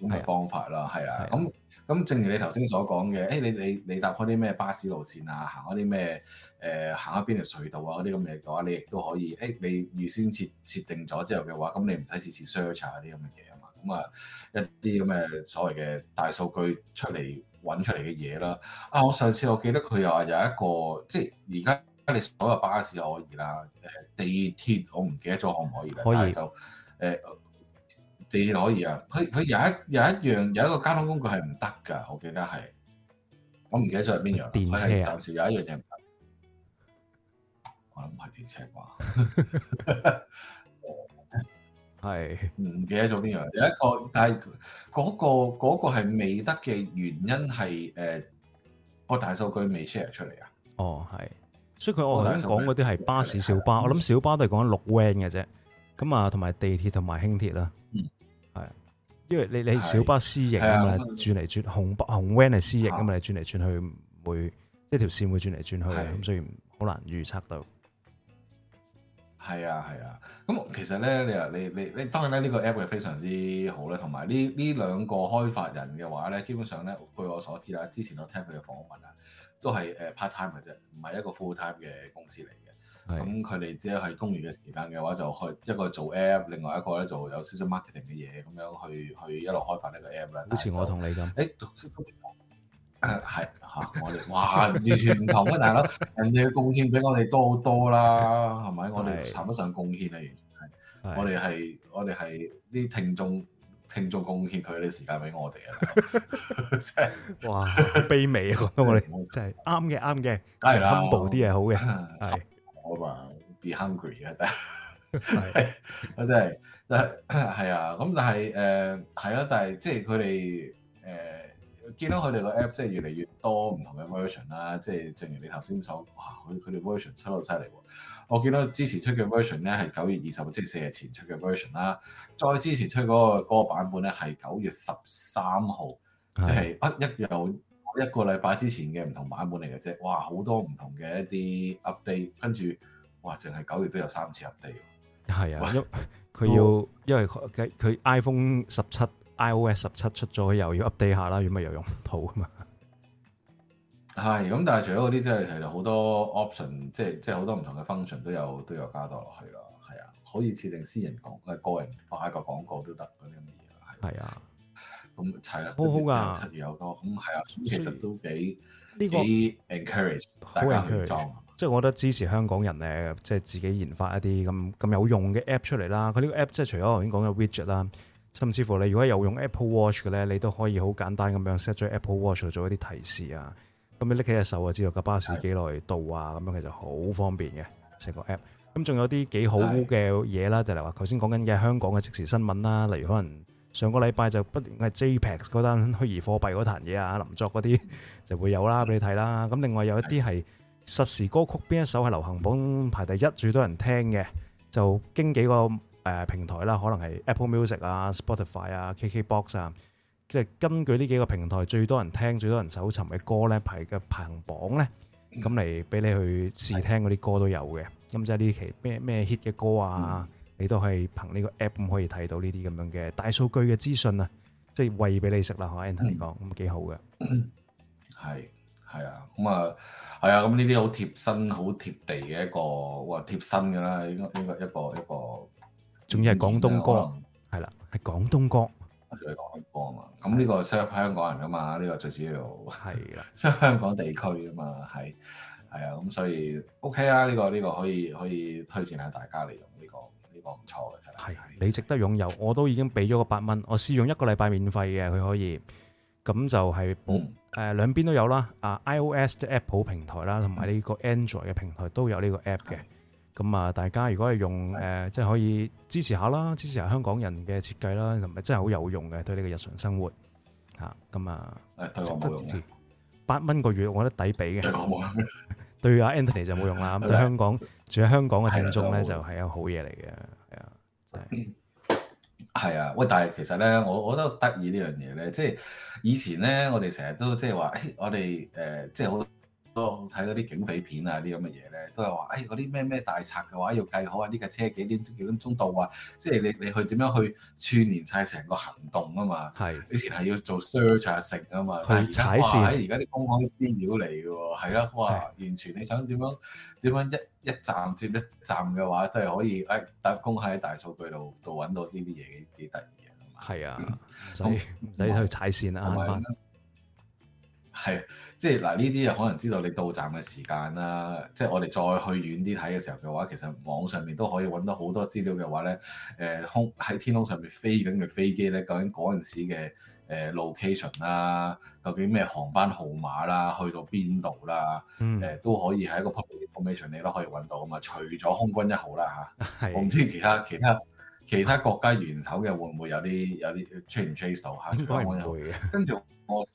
Speaker 2: 咁嘅方法啦，係啊，咁咁正如你頭先所講嘅，誒、欸、你你你搭開啲咩巴士路線啊，行開啲咩誒行開邊條隧道啊嗰啲咁嘅嘢嘅話，你亦都可以，誒、欸、你預先設設定咗之後嘅話，咁你唔使次次 search 啊啲咁嘅嘢啊嘛，咁啊一啲咁嘅所謂嘅大數據出嚟，揾出嚟嘅嘢啦，啊！我上次我記得佢又話有一個，即係而家你所有巴士可以啦，誒地鐵我唔記得咗可唔可以啦，可以就誒地鐵可以啊。佢佢有一有一樣有一個交通工具係唔得㗎，我記得係我唔記得咗係邊樣電車啊？暫時有一樣嘢唔得，我諗唔係電車啩，係唔記得咗邊樣有一個，但係。嗰、那個嗰係、那個、未得嘅原因係誒個大數據未 share 出嚟啊！哦，係，所以佢我頭先講嗰啲係巴
Speaker 1: 士、小巴，哦、我諗小巴都係講緊綠 van 嘅啫。咁啊，同埋地鐵同埋輕鐵啦，係、嗯、因為你你，你小巴私營啊嘛，轉嚟轉紅紅 van 係私營啊嘛，你轉嚟轉去會即係條線會轉嚟轉去，咁所以好難預測到。
Speaker 2: 係啊，係啊。咁、嗯嗯、其實咧，你啊，你你你，當然咧，呢個 app 係非常之好咧。同埋呢呢兩個開發人嘅話咧，基本上咧據我所知啦，之前我聽佢嘅訪問啦，都係誒 part time 嘅啫，唔係一個 full time 嘅公司嚟嘅。咁佢哋只係喺公餘嘅時間嘅話，就去一個做 app，另外一個咧做有少少 marketing 嘅嘢，咁樣去去一路開發呢個 app 咧。好似我同你咁。欸誒， 係、啊、吓，我哋哇，完全唔同啊！大佬，人哋嘅貢獻比我哋多好多啦，係咪？我哋談不上貢獻啊，完全係。我哋係，我哋係啲聽眾，聽眾貢獻佢啲時間俾我哋啊，即 係哇，
Speaker 1: 卑微,微啊！我哋真係啱嘅，啱嘅，梗係啦，humble 啲係好嘅，
Speaker 2: 我話，Be hungry 啊，真係真係係啊！咁但係誒，係 咯、嗯，但係即係佢哋誒。呃見到佢哋個 app 即係越嚟越多唔同嘅 version 啦，即係正如你頭先講，哇！佢佢哋 version 出到犀利喎。我見到之前出嘅 version 咧係九月二十號，即係四日前出嘅 version 啦。再之前出嗰、嗰個嗰個版本咧係九月十三號，即係不一有一個禮拜之前嘅唔同版本嚟嘅啫。哇！好多唔同嘅一啲 update，跟住哇，淨係九月都有三次 update。
Speaker 1: 係啊，佢要因為佢、哦、iPhone 十七。iOS 十七出咗又要 update 下啦，如果咪又用
Speaker 2: 唔到啊嘛。係，咁但係除咗嗰啲，即係係好多 option，即係即係好多唔同嘅 function 都有都有加多落去咯。係啊，可以設定私人講誒個人發一個廣告都得嗰啲咁嘅
Speaker 1: 嘢。係啊，
Speaker 2: 咁齊啦，嗯啊、好好噶，有好多咁係啊，其實都幾呢個 encourage 大家去裝。
Speaker 1: 即係我覺得支持香港人咧，即係自己研發一啲咁咁有用嘅 app 出嚟啦。佢呢個 app 即係除咗頭先講嘅 widget 啦。甚至乎你如果有用 Apple Watch 嘅咧，你都可以好簡單咁樣 set 咗 Apple Watch 做一啲提示啊，咁你拎起隻手就知道架巴士幾耐到啊，咁樣其實好方便嘅。成個 app 咁仲有啲幾好嘅嘢啦，就嚟話頭先講緊嘅香港嘅即時新聞啦，例如可能上個禮拜就不斷係 JPEX 嗰單虛擬貨幣嗰壇嘢啊，林作嗰啲就會有啦，俾你睇啦。咁另外有一啲係實時歌曲，邊一首係流行榜排第一最多人聽嘅，就經幾個，誒平台啦，可能係 Apple Music 啊、Spotify 啊、KKBox 啊，即係根據呢幾個平台最多人聽、最多人搜尋嘅歌咧，排嘅排行榜咧，咁嚟俾你去試聽嗰啲歌都有嘅。咁即係呢期咩咩 hit 嘅歌啊，嗯、你都係憑呢個 app 可以睇到呢啲咁樣嘅大數據嘅資訊啊，即係喂俾你食啦。可 Anthony 講咁幾好嘅，
Speaker 2: 係係啊，咁啊係啊，咁呢啲好貼身、好貼地嘅一個哇，貼身嘅啦，應該應該一個一個。
Speaker 1: 仲要係廣東歌，係啦，係廣東歌，仲
Speaker 2: 要廣東歌啊嘛！咁呢個適合香港人噶嘛，呢個最主要係啦適合香港地區噶嘛，係係啊，咁所以 OK 啊，呢個呢個可以可以推薦下大家嚟用呢個，呢個唔錯嘅真係。
Speaker 1: 你值得擁有，我都已經俾咗個八蚊，我試用一個禮拜免費嘅，佢可以，咁就係保誒兩邊都有啦，啊 iOS 嘅 app 好平台啦，同埋呢個 Android 嘅平台都有呢個 app 嘅。是咁啊，大家如果係用誒，即係、呃、可以支持下啦，支持下香港人嘅設計啦，同埋真係好有用嘅，對呢個日常生活嚇，咁、嗯、啊，值得支持。八蚊個月，我覺得抵俾嘅。對阿 Anthony 就冇用啦，咁對，對香港住喺香港嘅聽眾咧，就
Speaker 2: 係、是、一個好嘢嚟嘅，係啊，真係。係啊，喂，但係其實咧，我我覺得得意呢樣嘢咧，即、就、係、是、以前咧，我哋成日都即係話，我哋誒，即係好。就是都睇嗰啲警匪片啊，啲咁嘅嘢咧，都係話，誒嗰啲咩咩大賊嘅話，要計好啊，呢架車幾點幾點鐘到啊，即係你你去點樣去串聯晒成個行動啊嘛，係，以前係要做 search 成啊嘛，但踩線喺而家啲公開資料嚟嘅喎，係咯，哇，啊哇，完全你想點樣點樣一一站接一站嘅話，都係可以，誒、哎，得，打工喺大數據度度揾到呢啲嘢幾得意啊，係啊，所以
Speaker 1: 唔使去踩線啦，係咪？
Speaker 2: 係，即係嗱呢啲又可能知道你到站嘅時間啦。即係我哋再去遠啲睇嘅時候嘅話，其實網上面都可以揾到好多資料嘅話咧。誒、呃、空喺天空上面飛緊嘅飛機咧，究竟嗰陣時嘅誒、呃、location 啦，究竟咩航班號碼啦，去到邊度啦，誒、嗯呃、都可以喺一個 public information 你都可以揾到啊嘛。除咗空軍一號啦嚇，我唔知其他其他其他國家元首嘅會唔會有啲有啲 c h 追唔追到嚇？都係會嘅。跟住我。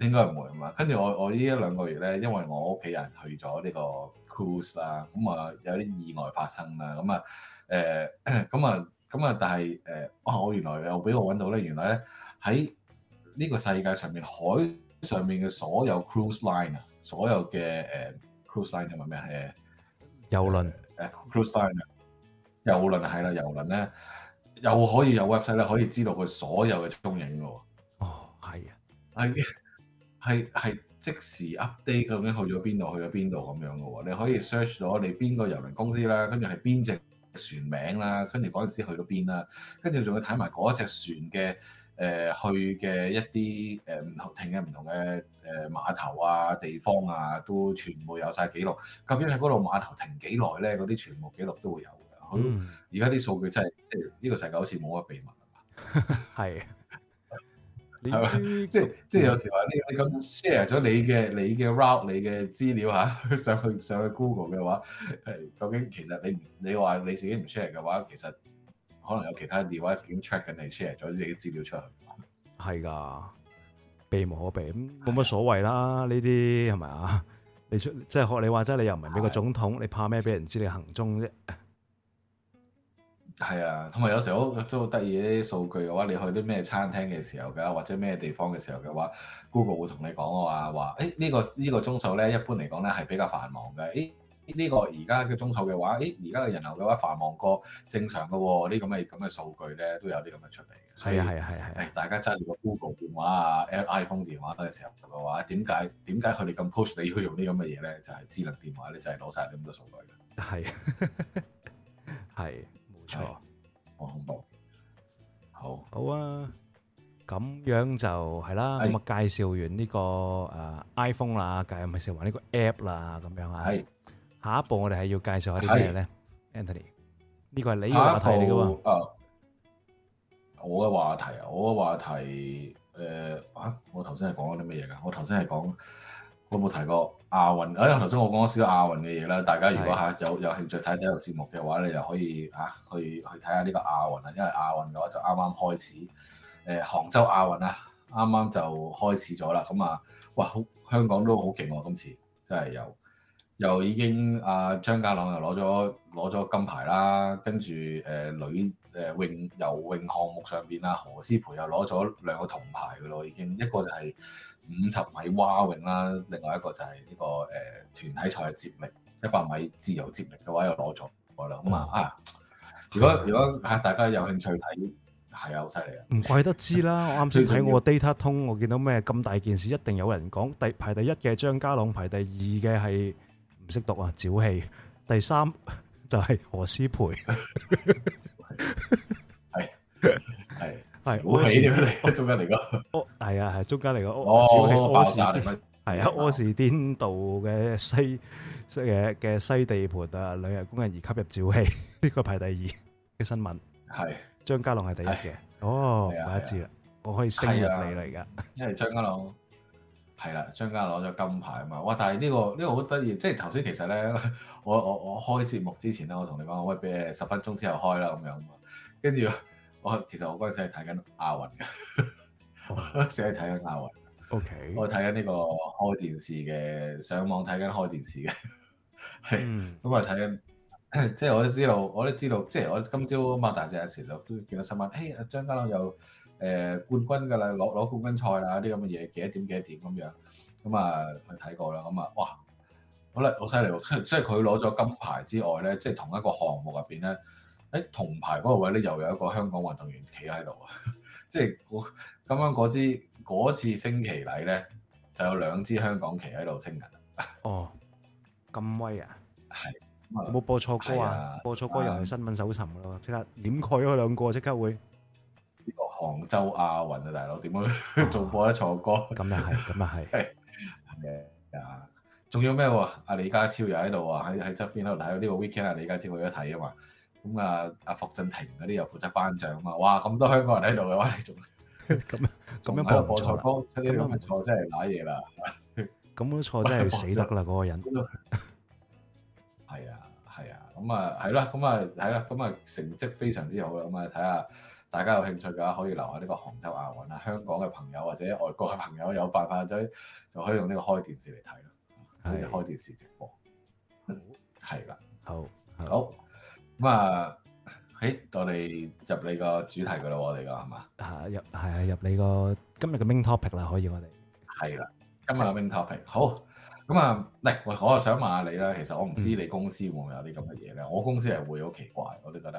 Speaker 2: 應該唔會啊嘛，跟住我我呢一兩個月咧，因為我屋企人去咗呢個 cruise 啦，咁啊有啲意外發生啦，咁啊誒咁啊咁啊，但係誒啊我原來又俾我揾到咧，原來咧喺呢個世界上面海上面嘅所有 cruise line 啊，所有嘅誒、呃、cruise line 叫乜嘢啊？誒遊輪、呃、cruise line 遊輪係啦，遊輪咧又可以有 website 咧，可以知道佢所有嘅蹤影嘅喎。哦，係啊，係。係係即時 update 咁樣去咗邊度去咗邊度咁樣嘅喎，你可以 search 咗你邊個郵輪公司啦，跟住係邊隻船名啦，跟住嗰陣時去咗邊啦，跟住仲要睇埋嗰隻船嘅誒、呃、去嘅一啲誒唔同停嘅唔同嘅誒碼頭啊地方啊都全部有晒記錄，究竟喺嗰度碼頭停幾耐咧？嗰啲全部記錄都會有嘅。而家啲數據真係即係呢個世界好似冇乜秘密係。 係即係即係，有時話你你咁 share 咗你嘅你嘅 route 你嘅資料吓，啊，上去上去 Google 嘅話，係究竟其實你唔你話你自己唔 share 嘅話，其實可能有其他 device 已經 track 緊你 share 咗自己資料出去。係噶，
Speaker 1: 避無可避，冇乜所謂啦。呢啲係咪啊？你出即係學你話啫，你又唔係美國總統，你怕咩？俾人知你行蹤啫。
Speaker 2: 係啊，同埋有時候都好得意啲數據嘅話，你去啲咩餐廳嘅時候嘅，或者咩地方嘅時候嘅話，Google 會同你講話話，誒、欸這個這個、呢個呢個鐘數咧，一般嚟講咧係比較繁忙嘅。誒、欸、呢、這個而家嘅鐘數嘅話，誒，而家嘅人流嘅話繁忙過正常嘅喎，呢咁嘅咁嘅數據咧都有啲咁嘅出嚟嘅。係係係。誒，大家揸住個 Google 電話啊，iPhone 電話嗰陣時候嘅話，點解點解佢哋咁 push 你要用啲咁嘅嘢咧？就係、係、智能電話咧，你就係攞曬咁多數據嘅。
Speaker 1: 係係。 錯，好恐怖，好好啊，咁樣就係啦。咁啊，介紹完呢個誒 iPhone 啦，繼咪成話呢個 app 啦，咁樣啊。係，下一步我哋係要介紹下啲咩咧？Anthony，呢個係你嘅話題嚟嘅
Speaker 2: 喎。我嘅話題，我嘅話題，誒，啊，我頭先係講緊啲咩嘢噶？我頭先係講，我冇提過。亞運，誒頭先我講少少亞運嘅嘢啦，大家如果嚇有有興趣睇睇個節目嘅話的你又可以嚇、啊、去去睇下呢個亞運啊，因為亞運嘅話就啱啱開始，誒、呃、杭州亞運啊，啱啱就開始咗啦，咁啊，哇，香港都好勁喎，今次真係又又已經阿、啊、張家朗又攞咗攞咗金牌啦，跟住誒、呃、女誒、呃、泳游泳項目上邊啊，何詩蓓又攞咗兩個銅牌嘅咯，已經一個就係、是。五十米蛙泳啦，另外一個就係呢、呢個誒、呃、團體賽接力一百米自由接力嘅話又，又攞咗，我哋咁啊啊！如果、嗯、如果啊，大家有興趣睇，係啊，好犀利啊！唔怪得知啦，我啱先睇我嘅
Speaker 1: data 通，我見到咩咁大件事，一定有人講。第排第一嘅張家朗，排第二嘅係唔識讀啊，沼氣。第三就係何詩蓓。 是 係烏氣嚟嘅中間嚟噶，係、 oh, 啊係中間嚟噶。哦，烏、哦、市、那個、啊，係啊，柯士甸道嘅西西嘅嘅西地盤啊，兩日工人而吸入沼氣，呢個排第二嘅新聞。係張家朗係第一嘅，哦，唔係一支啦，我可以升入嚟啦，
Speaker 2: 因為張家朗係啦，張、啊、家朗攞咗金牌啊嘛。哇！但係呢、這個呢、這個好得意，即係頭先其實咧，我我我開節目之前咧，我同你講，我喂俾你十分鐘之後開啦，咁樣，跟住。 我其實我嗰陣時係睇緊亞運嘅，oh. 我嗰陣時係睇緊亞運。O、okay. K，我睇緊呢個開電視嘅，上網睇緊開電視嘅，係咁啊睇，即、mm. 係、就是、我都知道，我都知道，即、就、係、是、我今朝擘大隻眼時就都見到新聞，誒、hey，張家朗有誒冠軍㗎啦，攞攞冠軍賽啦啲咁嘅嘢，幾多點幾多點咁樣，咁啊去睇過啦，咁啊哇，好啦好犀利，即係佢攞咗金牌之外咧，即、就、係、是、同一個項目入邊咧。喺銅牌嗰個位咧，又有一個香港運動員企喺度啊！ 即係我今啱嗰支嗰次升旗禮咧，就有兩支香港旗喺度升緊。哦，咁威啊！係冇、啊、播錯歌啊？哎、播錯歌又係
Speaker 1: 新聞搜尋咯，即、啊、刻掩蓋咗佢兩個，即刻會
Speaker 2: 呢、呢個杭州亞運啊，大佬點樣做播得錯歌？咁又係，咁又係，係啊！仲有咩喎？阿李家超又喺度啊，喺喺側邊喺度睇。呢、呢個 weekend 阿李家超會一睇啊嘛～咁啊，阿霍振廷嗰啲又負責頒獎啊嘛！哇，咁多香港人喺度嘅話，你仲咁 樣咁樣播錯歌啦？呢兩個錯真係瀨嘢啦！
Speaker 1: 咁啲錯真係死得啦！嗰個人
Speaker 2: 係啊係啊，咁啊係啦，咁啊係啦，咁啊，啊，啊成績非常之好啊嘛！睇下大家有興趣嘅話，可以留下呢個杭州亞運啊，香港嘅朋友或者外國嘅朋友有辦法就就可以用呢個開電視嚟睇咯，開電視直播係啦、啊，好，好。好。咁啊，誒、哎，我哋入你個主題噶咯，我哋個係嘛？吓入
Speaker 1: 係啊，入你個今日嘅 main topic 啦，可以我哋
Speaker 2: 係啦，今日嘅 main topic。好，咁啊，嚟、喂、我我又想問下你啦，其實我唔知你公司會唔會有啲咁嘅嘢咧？我公司係會好奇怪，我都覺得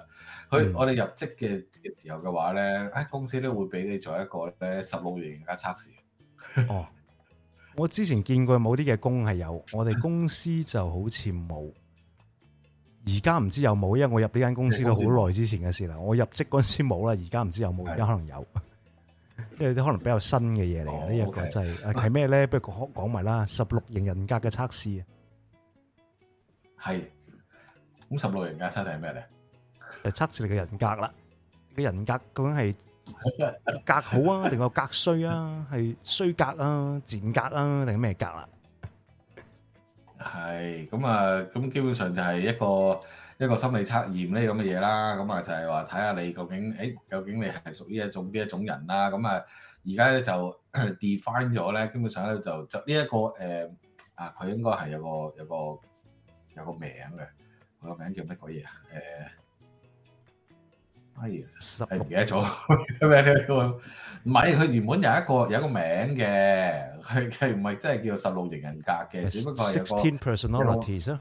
Speaker 2: 佢、嗯、我哋入職嘅嘅時候嘅話咧，喺公司都會俾你做一個咧十六元嘅測試。哦，
Speaker 1: 我之前見過冇啲嘅工係有，我哋公司就好似冇。嗯而家唔知有冇，因為我入呢間公司都好耐之前嘅事啦。我入職嗰陣時冇啦，而家唔知有冇，而家可能有，因為啲可能比較新嘅嘢嚟嘅呢個就係誒咩咧，不如講埋啦。十六型人格嘅測試，
Speaker 2: 係，咁十六型格、就係、人格測試係咩咧？
Speaker 1: 就測試你嘅人格啦，嘅人格究竟係格好啊，定個格衰啊，係 衰格啊，賤格啊，定係咩格啦、啊？
Speaker 2: 係，咁啊，咁基本上就係一個一個心理測驗呢咁嘅嘢啦，咁啊就係話睇下你究竟，誒究竟你係屬於一種邊一種人啦、啊，咁啊而家咧就 define 咗咧，基本上咧就就呢一、這個誒、呃、啊，佢應該係有個有個有個名嘅，佢個名叫乜鬼嘢啊？誒、呃。哎呀，失係唔記得咗咩咧？個唔係佢原本有一個有個名嘅，佢佢唔係真係叫做十六型人格嘅，只不過有個16 personalities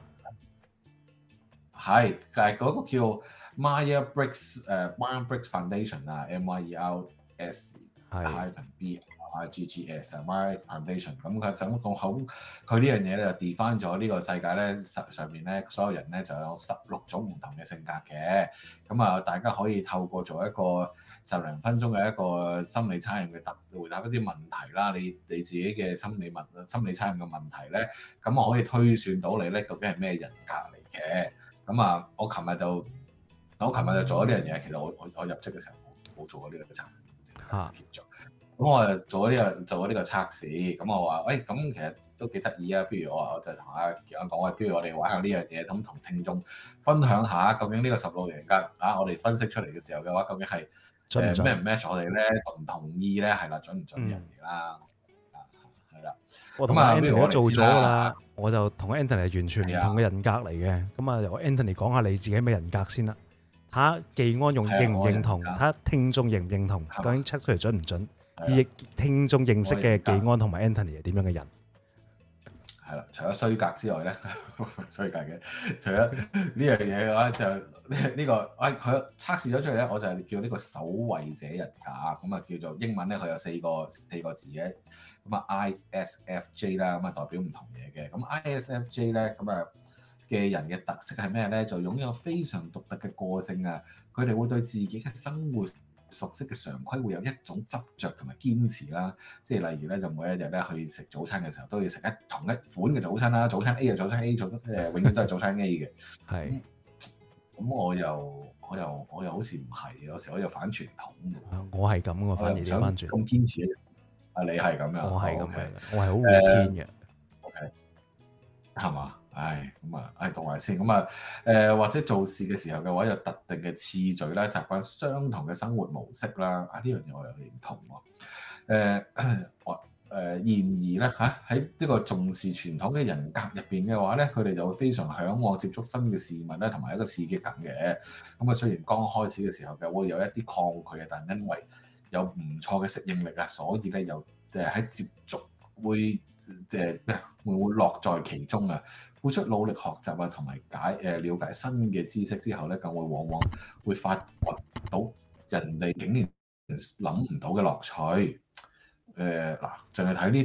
Speaker 2: 係，係嗰個叫 Myers-Briggs 誒 Myers-Briggs Foundation 啊，M Y E R S 係跟住 B。My GGS、my foundation，咁佢整個好，佢呢樣嘢咧就跌翻咗呢個世界咧，上上邊咧所有人咧就有十六種唔同嘅性格嘅，咁啊大家可以透過做一個十零分鐘嘅一個心理測驗嘅答回答一啲問題啦，你你自己嘅心理問心理測驗嘅問題咧，咁我可以推算到你咧究竟係咩人格嚟嘅，咁啊我琴日就我琴日就做咗呢樣嘢，其實我我我入職嘅時候冇冇做過呢個嘅測試，嚇、啊。咁我做咗呢個做咗呢個測試，咁我話：，喂，咁其實都幾得意啊。不如我我就同阿記安講話，不如我哋玩下呢樣嘢，咁同聽眾分享下究竟呢個十六人格啊，我哋分析出嚟嘅時候嘅話，究竟係準唔準，誒咩唔 match 我哋咧同唔同意咧？係啦，準唔準人哋啦？係啦，我同阿 Anthony 都做咗啦。
Speaker 1: 我就同阿 Anthony 係完全唔同嘅人格嚟嘅。咁啊，由 Anthony 講下你自己咩人格先啦。睇阿記安用認唔認同，睇聽眾認唔認同，究竟 check 出嚟準唔準？亦聽眾認識嘅技安同埋 Anthony 係
Speaker 2: 點樣嘅人？係啦，除咗衰格之外咧，衰格嘅。除咗呢樣嘢嘅話，就呢呢、呢個啊，佢測試咗出嚟咧，我就係叫呢個守衞者人格咁啊，就叫做英文咧，佢有四個四個字嘅。咁啊，ISFJ 啦，咁啊代表唔同嘢嘅。咁 ISFJ 咧，咁啊嘅人嘅特色係咩咧？就擁有非常獨特嘅個性啊！佢哋會對自己嘅生活熟悉嘅常規會有一種執着同埋堅持啦，即係例如咧，就每一日咧去食早餐嘅時候都要食一同一款嘅早餐啦，早餐 A 嘅早餐 A，早誒、呃、永遠都係早餐 A 嘅。係， 咁、嗯、我又我又我又好似唔係，有時我又反傳統
Speaker 1: 我係咁嘅，反而相反住咁堅持。
Speaker 2: 啊， 你係咁樣，我係咁樣，okay，我係好逆天嘅。O K，係嘛？唉，咁啊，唉，同埋先，咁啊，誒，或者做事嘅時候嘅話，有特定嘅次序啦，習慣相同嘅生活模式啦，啊，呢樣嘢我又認同喎，啊，誒、呃，誒、呃，然而咧吓，喺、呃、呢、呃啊、個重視傳統嘅人格入邊嘅話咧，佢哋就會非常嚮往接觸新嘅事物咧，同埋一個刺激感嘅，咁啊，雖然剛開始嘅時候嘅會有一啲抗拒啊，但因為有唔錯嘅適應力啊，所以咧又即係喺接觸觸會誒、呃、會、呃、唔會樂在其中啊。付出努力學習啊，同埋解誒、呃、了解新嘅知識之後咧，更會往往會發掘到人哋竟然諗唔到嘅樂趣。誒、呃、嗱，淨係睇呢～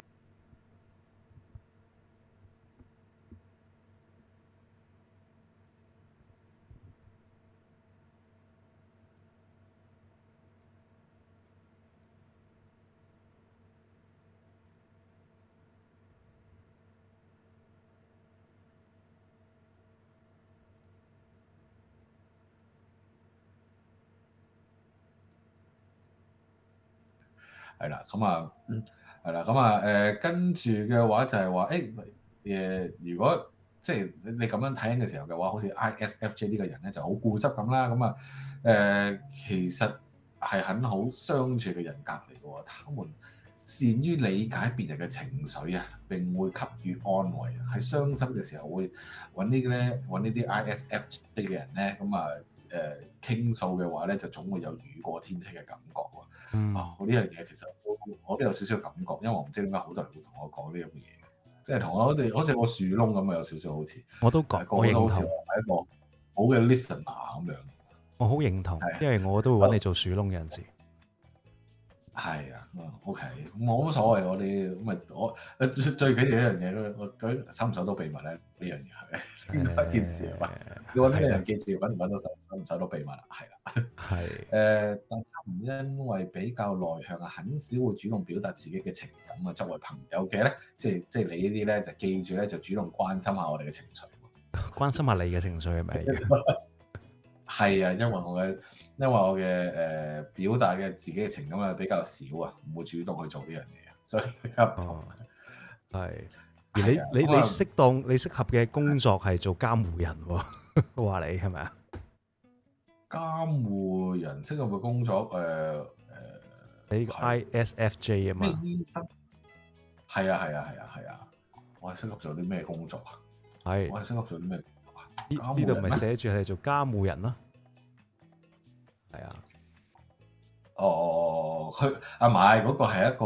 Speaker 2: 係啦，咁、嗯、啊，係啦，咁、嗯、啊，誒、嗯，跟住嘅話就係話，誒，誒，如果即係你你咁樣睇嘅時候嘅話，好似 ISFJ 呢個人咧就好固執咁啦，咁啊，誒，其實係很好相處嘅人格嚟嘅喎，他們善於理解別人嘅情緒啊，並會給予安慰啊，喺傷心嘅時候會揾呢個咧揾呢啲 ISFJ 呢個人咧，咁啊，誒，傾訴嘅話咧，就總會有雨過天晴嘅感覺。啊、嗯，呢樣嘢其實我都有少少感覺，因為我唔知點解好多人會同我講呢樣嘢，即係同我好似好似我樹窿咁啊，有少少好似。
Speaker 1: 我都覺我認同係一個好嘅 listener 咁樣。我好認同，因為我都會揾你做樹窿有陣
Speaker 2: 時。好嗯係啊，OK，冇所謂，我哋咁、欸、啊，我最最緊要一樣嘢，我我收唔收到秘密咧？呢樣嘢係，呢個記事啊嘛，你揾啲人記事，揾唔揾到手唔收到秘密啦？係啦，係誒，但因為比較內向啊，很少會主動表達自己嘅情感啊，作為朋友嘅咧，即係即係你呢啲咧，就記住咧，就主動關心下我哋嘅情緒，
Speaker 1: 關心下你嘅情緒係咪？
Speaker 2: 係啊，因為我嘅因為我嘅誒、呃、表達嘅自己嘅情感啊比較少啊，唔會主動去做呢樣嘢啊，所以係、哦、而你、啊、你你適
Speaker 1: 當你適合嘅工作係做監護人喎、
Speaker 2: 哦，話、啊、你係咪啊？監護人適合嘅工作，誒誒呢個 ISFJ 啊嘛，係啊係啊係啊係啊，啊，啊，啊，啊，我係適合做啲咩工作啊？係，我係適合做啲咩工作？呢度唔係寫
Speaker 1: 住係做監護人咯，
Speaker 2: 係啊，哦，佢啊唔係，嗰個係一個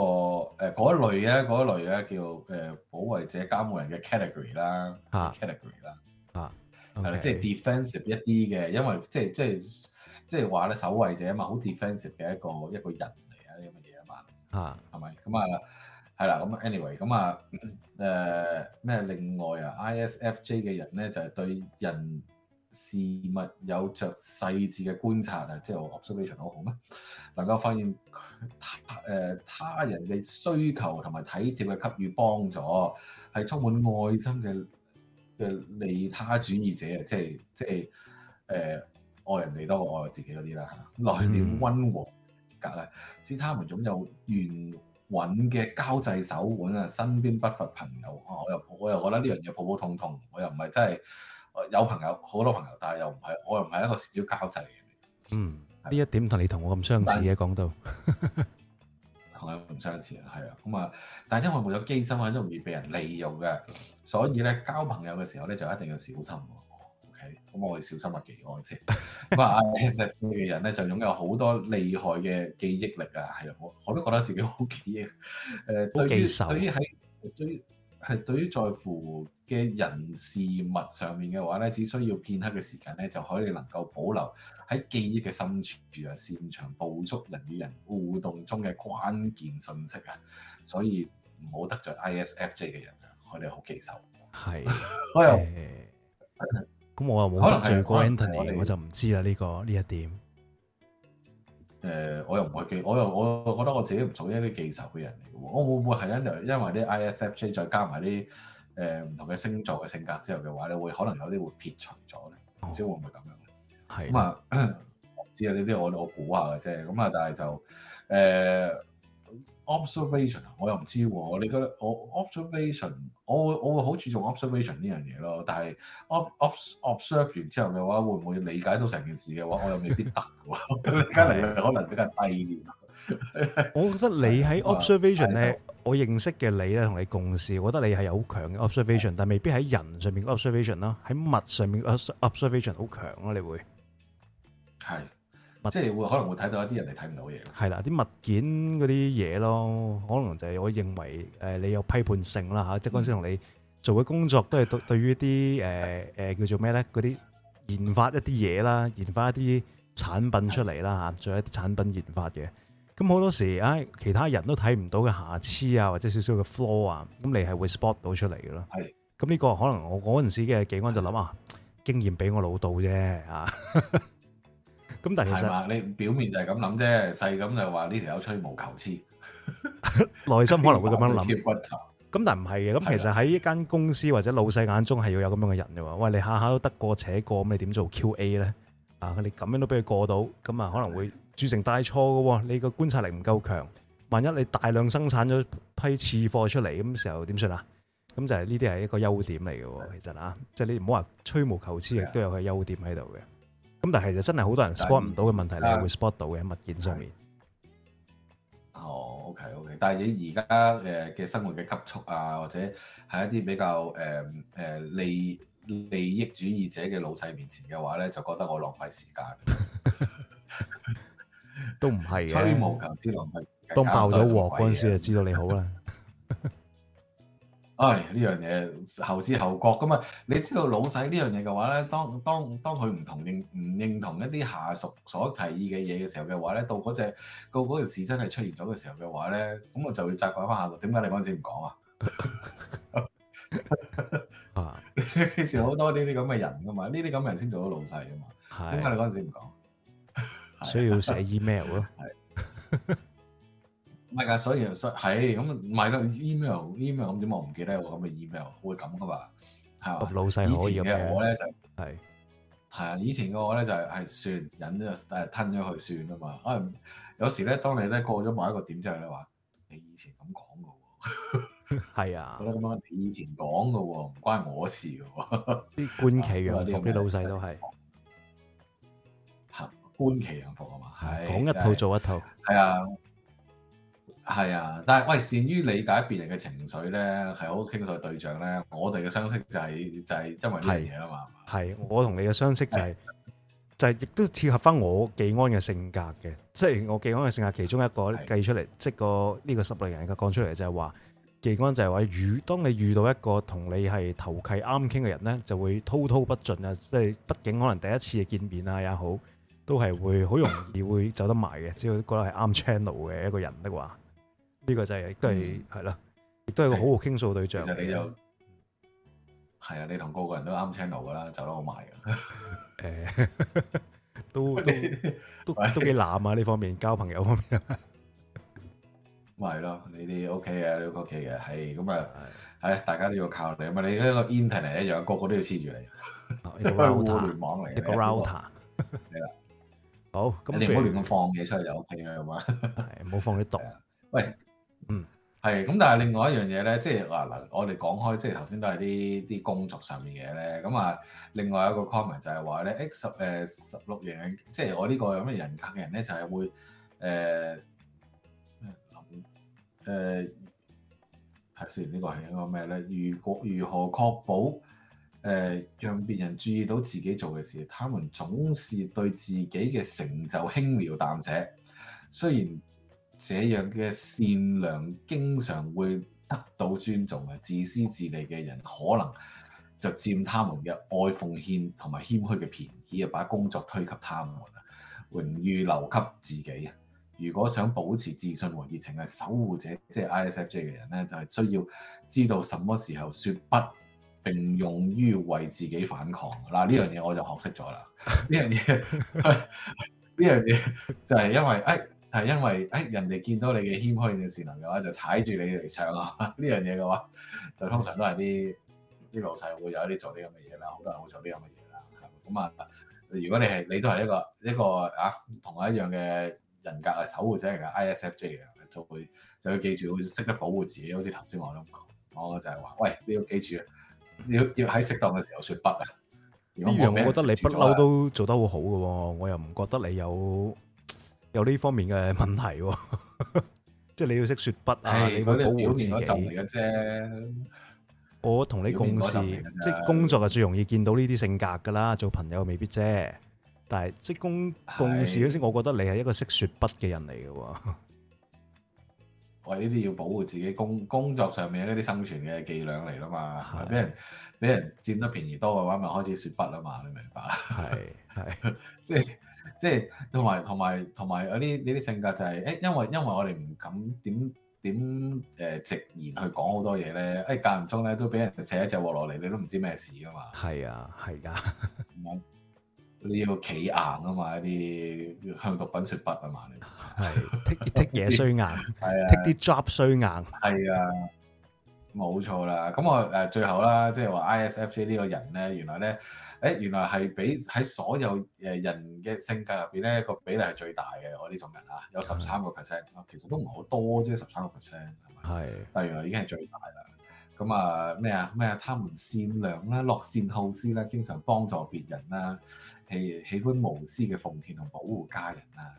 Speaker 2: 誒嗰類嘅嗰類嘅叫誒保衛者監護人嘅 category 啦，category 啦，啊，係啦，啊啊 okay 即係 defensive 一啲嘅，因為即係即係即係話咧守衛者啊嘛，好 defensive 嘅一個一個人嚟啊呢樣嘢啊嘛，啊，係咪咁啊？係啦，咁 anyway，咁啊，誒、呃、咩？另外啊，ISFJ 嘅人咧就係、是、對人事物有着細緻嘅觀察啊，即、就、係、是、observation 好好啊，能夠發現誒他、呃、他人嘅需求同埋體貼嘅給予幫助，係充滿愛心嘅嘅利他主義者啊，即係即係誒、呃、愛人哋多過愛自己嗰啲啦嚇，內面溫和格啊，使、mm. 他們擁有完。揾嘅交際手腕啊，身邊不乏朋友，我又我又覺得呢樣嘢普普通通，我又唔係真係有朋友，好多朋友，但係又唔係，我又唔係一個善交際嘅人。
Speaker 1: 嗯，呢一點同你同我咁相似嘅講到，
Speaker 2: 同你咁相似啊，係啊，咁啊，但係因為冇咗機心，我都容易被人利用嘅，所以咧交朋友嘅時候咧就一定要小心。咁我哋小生物嘅愛舌，咁啊 ISFJ 嘅人咧就擁有好多厲害嘅記憶力啊！係啊，我我都覺得自己好記憶，誒、呃、對於對於喺對於係對於在乎嘅人事物上面嘅話咧，只需要片刻嘅時間咧，就可以能夠保留喺記憶嘅深處啊，擅長捕捉人與人互動中嘅關鍵信息啊！所以唔好得罪 ISFJ 嘅人啊，佢哋好記仇，係
Speaker 1: 咁我又冇得罪過 Anthony，我就唔知啦呢、呢個呢一點。誒、
Speaker 2: 呃，我又唔會記，我又我覺得我自己唔屬於一啲記仇嘅人嚟嘅喎。我會唔會係因因為啲 ISFJ 再加埋啲誒唔同嘅星座嘅性格之後嘅話咧，會可能有啲會撇除咗咧？唔、哦、知會會、嗯、我唔會咁樣。係。咁啊，唔知啊，呢啲我我估下嘅啫。咁啊，但係就誒。呃 observation 我又唔知喎，你覺得我 observation，我會我會好注重 observation 呢樣嘢咯，但係 obs observation 完之後嘅話，會唔會理解到成件事嘅話，我又未必得喎，梗嚟可能比較低啲。
Speaker 1: 我覺得你喺 observation 咧，我認識嘅你咧同你共事，我覺得你係有好強嘅 observation，但係未必喺人上面 observation 咯，喺物上面 observation 好強咯，你會
Speaker 2: 係。即
Speaker 1: 係會可能會睇到一啲人哋睇唔到嘢。係啦，啲物件嗰啲嘢咯，可能就係我認為誒，你有批判性啦嚇。即係嗰陣時同你做嘅工作都係對對於啲誒誒叫做咩咧？嗰啲研發一啲嘢啦，研發一啲產品出嚟啦嚇，做一啲產品研發嘅。咁好多時，唉，其他人都睇唔到嘅瑕疵啊，或者少少嘅 flaw 啊，咁你係會 spot 到出嚟嘅咯。係。咁呢個可能我嗰陣時嘅警官就諗、嗯、啊，經驗比我老到啫啊。
Speaker 2: 咁但係其實係你表面就係咁諗啫，細咁就話呢條友吹毛求疵，
Speaker 1: 內心可能會咁樣諗。咁但係唔係嘅，咁其實喺一間公司或者老細眼中係要有咁樣嘅人嘅喎。喂，你下下都得過且過，咁你點做 QA 咧？啊，你咁樣都俾佢過到，咁啊可能會鑄成大錯嘅喎。你個觀察力唔夠強，萬一你大量生產咗批次貨出嚟，咁時候點算啊？咁就係呢啲係一個優點嚟嘅，其實啊，即係你唔好話吹毛求疵，亦都有佢優點喺度嘅。咁但係就真係好多人 spot 唔到嘅問題，你會 spot 到嘅、啊、喺物件上面。
Speaker 2: 哦，OK，OK，okay, okay. 但係你而家誒嘅生活嘅急促啊，或者係一啲比較誒誒利利益主義者嘅老細面前嘅話咧，就覺得我浪費時間。
Speaker 1: 都唔係吹毛求疵，之浪費，浪費。當爆咗鑊嗰陣時，就知道你好啦。
Speaker 2: 唉，呢樣嘢後知後覺咁啊！你知道老細呢樣嘢嘅話咧，當當當佢唔同認唔認同一啲下屬所提議嘅嘢嘅時候嘅話咧，到嗰隻到嗰件事真係出現咗嘅時候嘅話咧，咁我就會責怪翻下屬。點解你嗰陣時唔講啊？ 你識好多呢啲咁嘅人噶嘛？呢啲咁嘅人先做到老細噶嘛？點解你嗰陣時唔講？
Speaker 1: 需要寫 email 咯 是。
Speaker 2: 唔係㗎，所以所係咁，唔係 email，email 咁點我唔記得有個咁嘅 email 會咁噶嘛？係嘛？老細可以嘅。我咧就係係以前嘅我咧就係係算忍咗誒吞咗佢算啊嘛。可能有時咧，當你咧過咗某一個點之後，就係你話你以前咁講嘅喎，係啊。覺得咁樣你以前講嘅喎，唔關我事喎。啲 觀其洋服啲老細都係。嚇觀其洋服係嘛？講一套做一套。係啊。係啊，但係喂，善於理解別人嘅情緒咧，係好傾得耐對象咧。我哋嘅相識就係、是、就係、是、因為呢樣嘢啊嘛。
Speaker 1: 係，我同你嘅相識就係、是、就係、是、亦都適合返我忌安嘅性格嘅。即、就、係、是、我忌安嘅性格其中一個計出嚟，即係個呢個十六形人格講出嚟就係話忌安就係話遇，當你遇到一個同你係投契啱傾嘅人咧，就會滔滔不盡啊。即、就、係、是、畢竟可能第一次嘅見面啊也好，都係會好容易會走得埋嘅， 只要覺得係啱 channel 嘅一個人的話。呢個就係都係係啦，亦都係個好嘅傾訴對象。其實你就
Speaker 2: 係啊，你同個個人都啱 channel 噶啦，走得好埋㗎。誒，都都都都幾
Speaker 1: 難啊！呢方面交朋友方面，
Speaker 2: 咪係咯，你哋 OK 嘅，你都 OK 嘅。係咁啊，係大家都要靠你啊嘛！你呢個 internet 一樣，個個都要黐住你。一個互聯網嚟嘅 router，
Speaker 1: 係
Speaker 2: 啦。好，咁你唔好亂咁放嘢出去就 OK 啦，係嘛？
Speaker 1: 唔好放啲毒。喂。
Speaker 2: 嗯，係，咁但係另外一樣嘢咧，即係話嗱，我哋講開，即係頭先都係啲啲工作上面嘅嘢咧，咁啊，另外一個 comment 就係話咧，X 誒十六型，即係我呢個有咩人格嘅人咧，就係、是、會誒諗誒，係雖然呢個係一個咩咧？如果如何確保誒、呃、讓別人注意到自己做嘅事，他們總是對自己嘅成就輕描淡寫，雖然。這樣嘅善良經常會得到尊重嘅，自私自利嘅人可能就佔他們嘅愛奉獻同埋謙虛嘅便宜，把工作推給他們，榮譽留給自己。如果想保持自信和熱情嘅守護者，即係 ISFJ 嘅人咧，就係、是、需要知道什麼時候說不，並勇於為自己反抗嗱。呢樣嘢我就學識咗啦，呢樣嘢，呢樣嘢就係因為誒。哎係因為誒、哎、人哋見到你嘅謙虛嘅視能嘅話，就踩住你嚟唱啊！呢樣嘢嘅話，就通常都係啲啲老細會有一啲做啲咁嘅嘢啦，好多人會做啲咁嘅嘢啦。咁啊！如果你係你都係一個一個啊，同我一樣嘅人格嘅守護者嚟嘅 ISFJ 嘅，就會就要記住，要識得保護自己。好似頭先我都講，我就係、是、話：喂，你要記住，你要要喺適當嘅時候説不啊！呢樣我覺得你不嬲都
Speaker 1: 做得好好嘅喎，我又唔覺得你有。有呢方面嘅問題喎， 即係你要識説不啊！哎、你會保護自己。表面嗰陣嚟嘅
Speaker 2: 啫。
Speaker 1: 我同你共事，即係工作啊，最容易見到呢啲性格噶啦。做朋友未必啫。但係即係共共事嗰陣，我覺得你係一個識説不嘅人嚟嘅
Speaker 2: 喎。喂，呢啲要保護自己工工作上面一啲生存嘅伎倆嚟啦嘛。俾人俾人佔得便宜多嘅話，咪開始説不啦嘛。你明白？係係， 即係。即係同埋同埋同埋有啲呢啲性格就係、是、誒、欸，因為因為我哋唔敢點點誒直言去講好多嘢咧，誒間唔中咧都俾人扯一隻鑊落嚟，你都唔知咩事噶嘛。係啊，係噶、啊，你要企硬啊嘛，一啲要向毒品説不啊嘛，你係 take 嘢衰硬，係啊 take 啲
Speaker 1: job 衰硬，
Speaker 2: 係啊，冇錯啦。咁我誒最後啦，即係話 ISFJ 呢個人咧，原來咧。誒原來係比喺所有誒人嘅性格入邊咧個比例係最大嘅，我呢種人啊，有十三個 percent，其實都唔係好多啫，十三個 percent 係嘛，但原來已經係最大啦。咁、嗯、啊咩啊咩啊，他們善良啦，樂善好施啦，經常幫助別人啦，喜喜歡無私嘅奉獻同保護家人啦，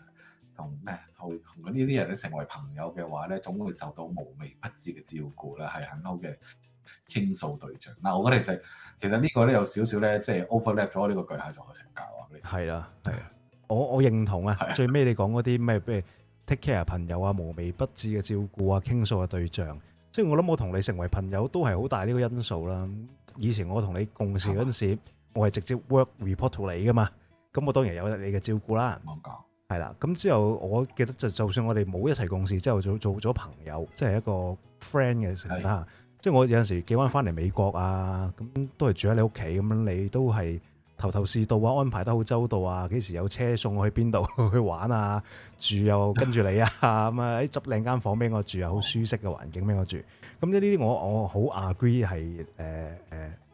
Speaker 2: 同咩同同呢啲人咧成為朋友嘅話咧，總會受到無微不至嘅照顧啦，係很好嘅傾訴對象嗱，我覺得其實其實呢個咧有少少咧，即係 overlap 咗呢個巨蟹座嘅性格啊。係啦，
Speaker 1: 係啊，我我認同啊，啊最尾你講嗰啲咩，譬如 take care 朋友啊，無微不至嘅照顧啊，傾訴嘅對象，即係我諗我同你成為朋友都係好大呢個因素啦。以前我同你共事嗰陣時、啊，我係直接 work report to 你噶嘛，咁我當然有你嘅照顧啦。冇講係啦，咁、啊、之後我記得就就算我哋冇一齊共事之後做做咗朋友，即、就、係、是、一個 friend 嘅成啦。即係我有陣時寄安翻嚟美國啊，咁都係住喺你屋企，咁樣你都係頭頭是道啊，安排得好周到啊，幾時有車送我去邊度去玩啊，住又跟住你啊，咁啊，誒，執靚間房俾我住啊，好舒適嘅環境俾我住，咁即係呢啲我我好 agree 係誒誒，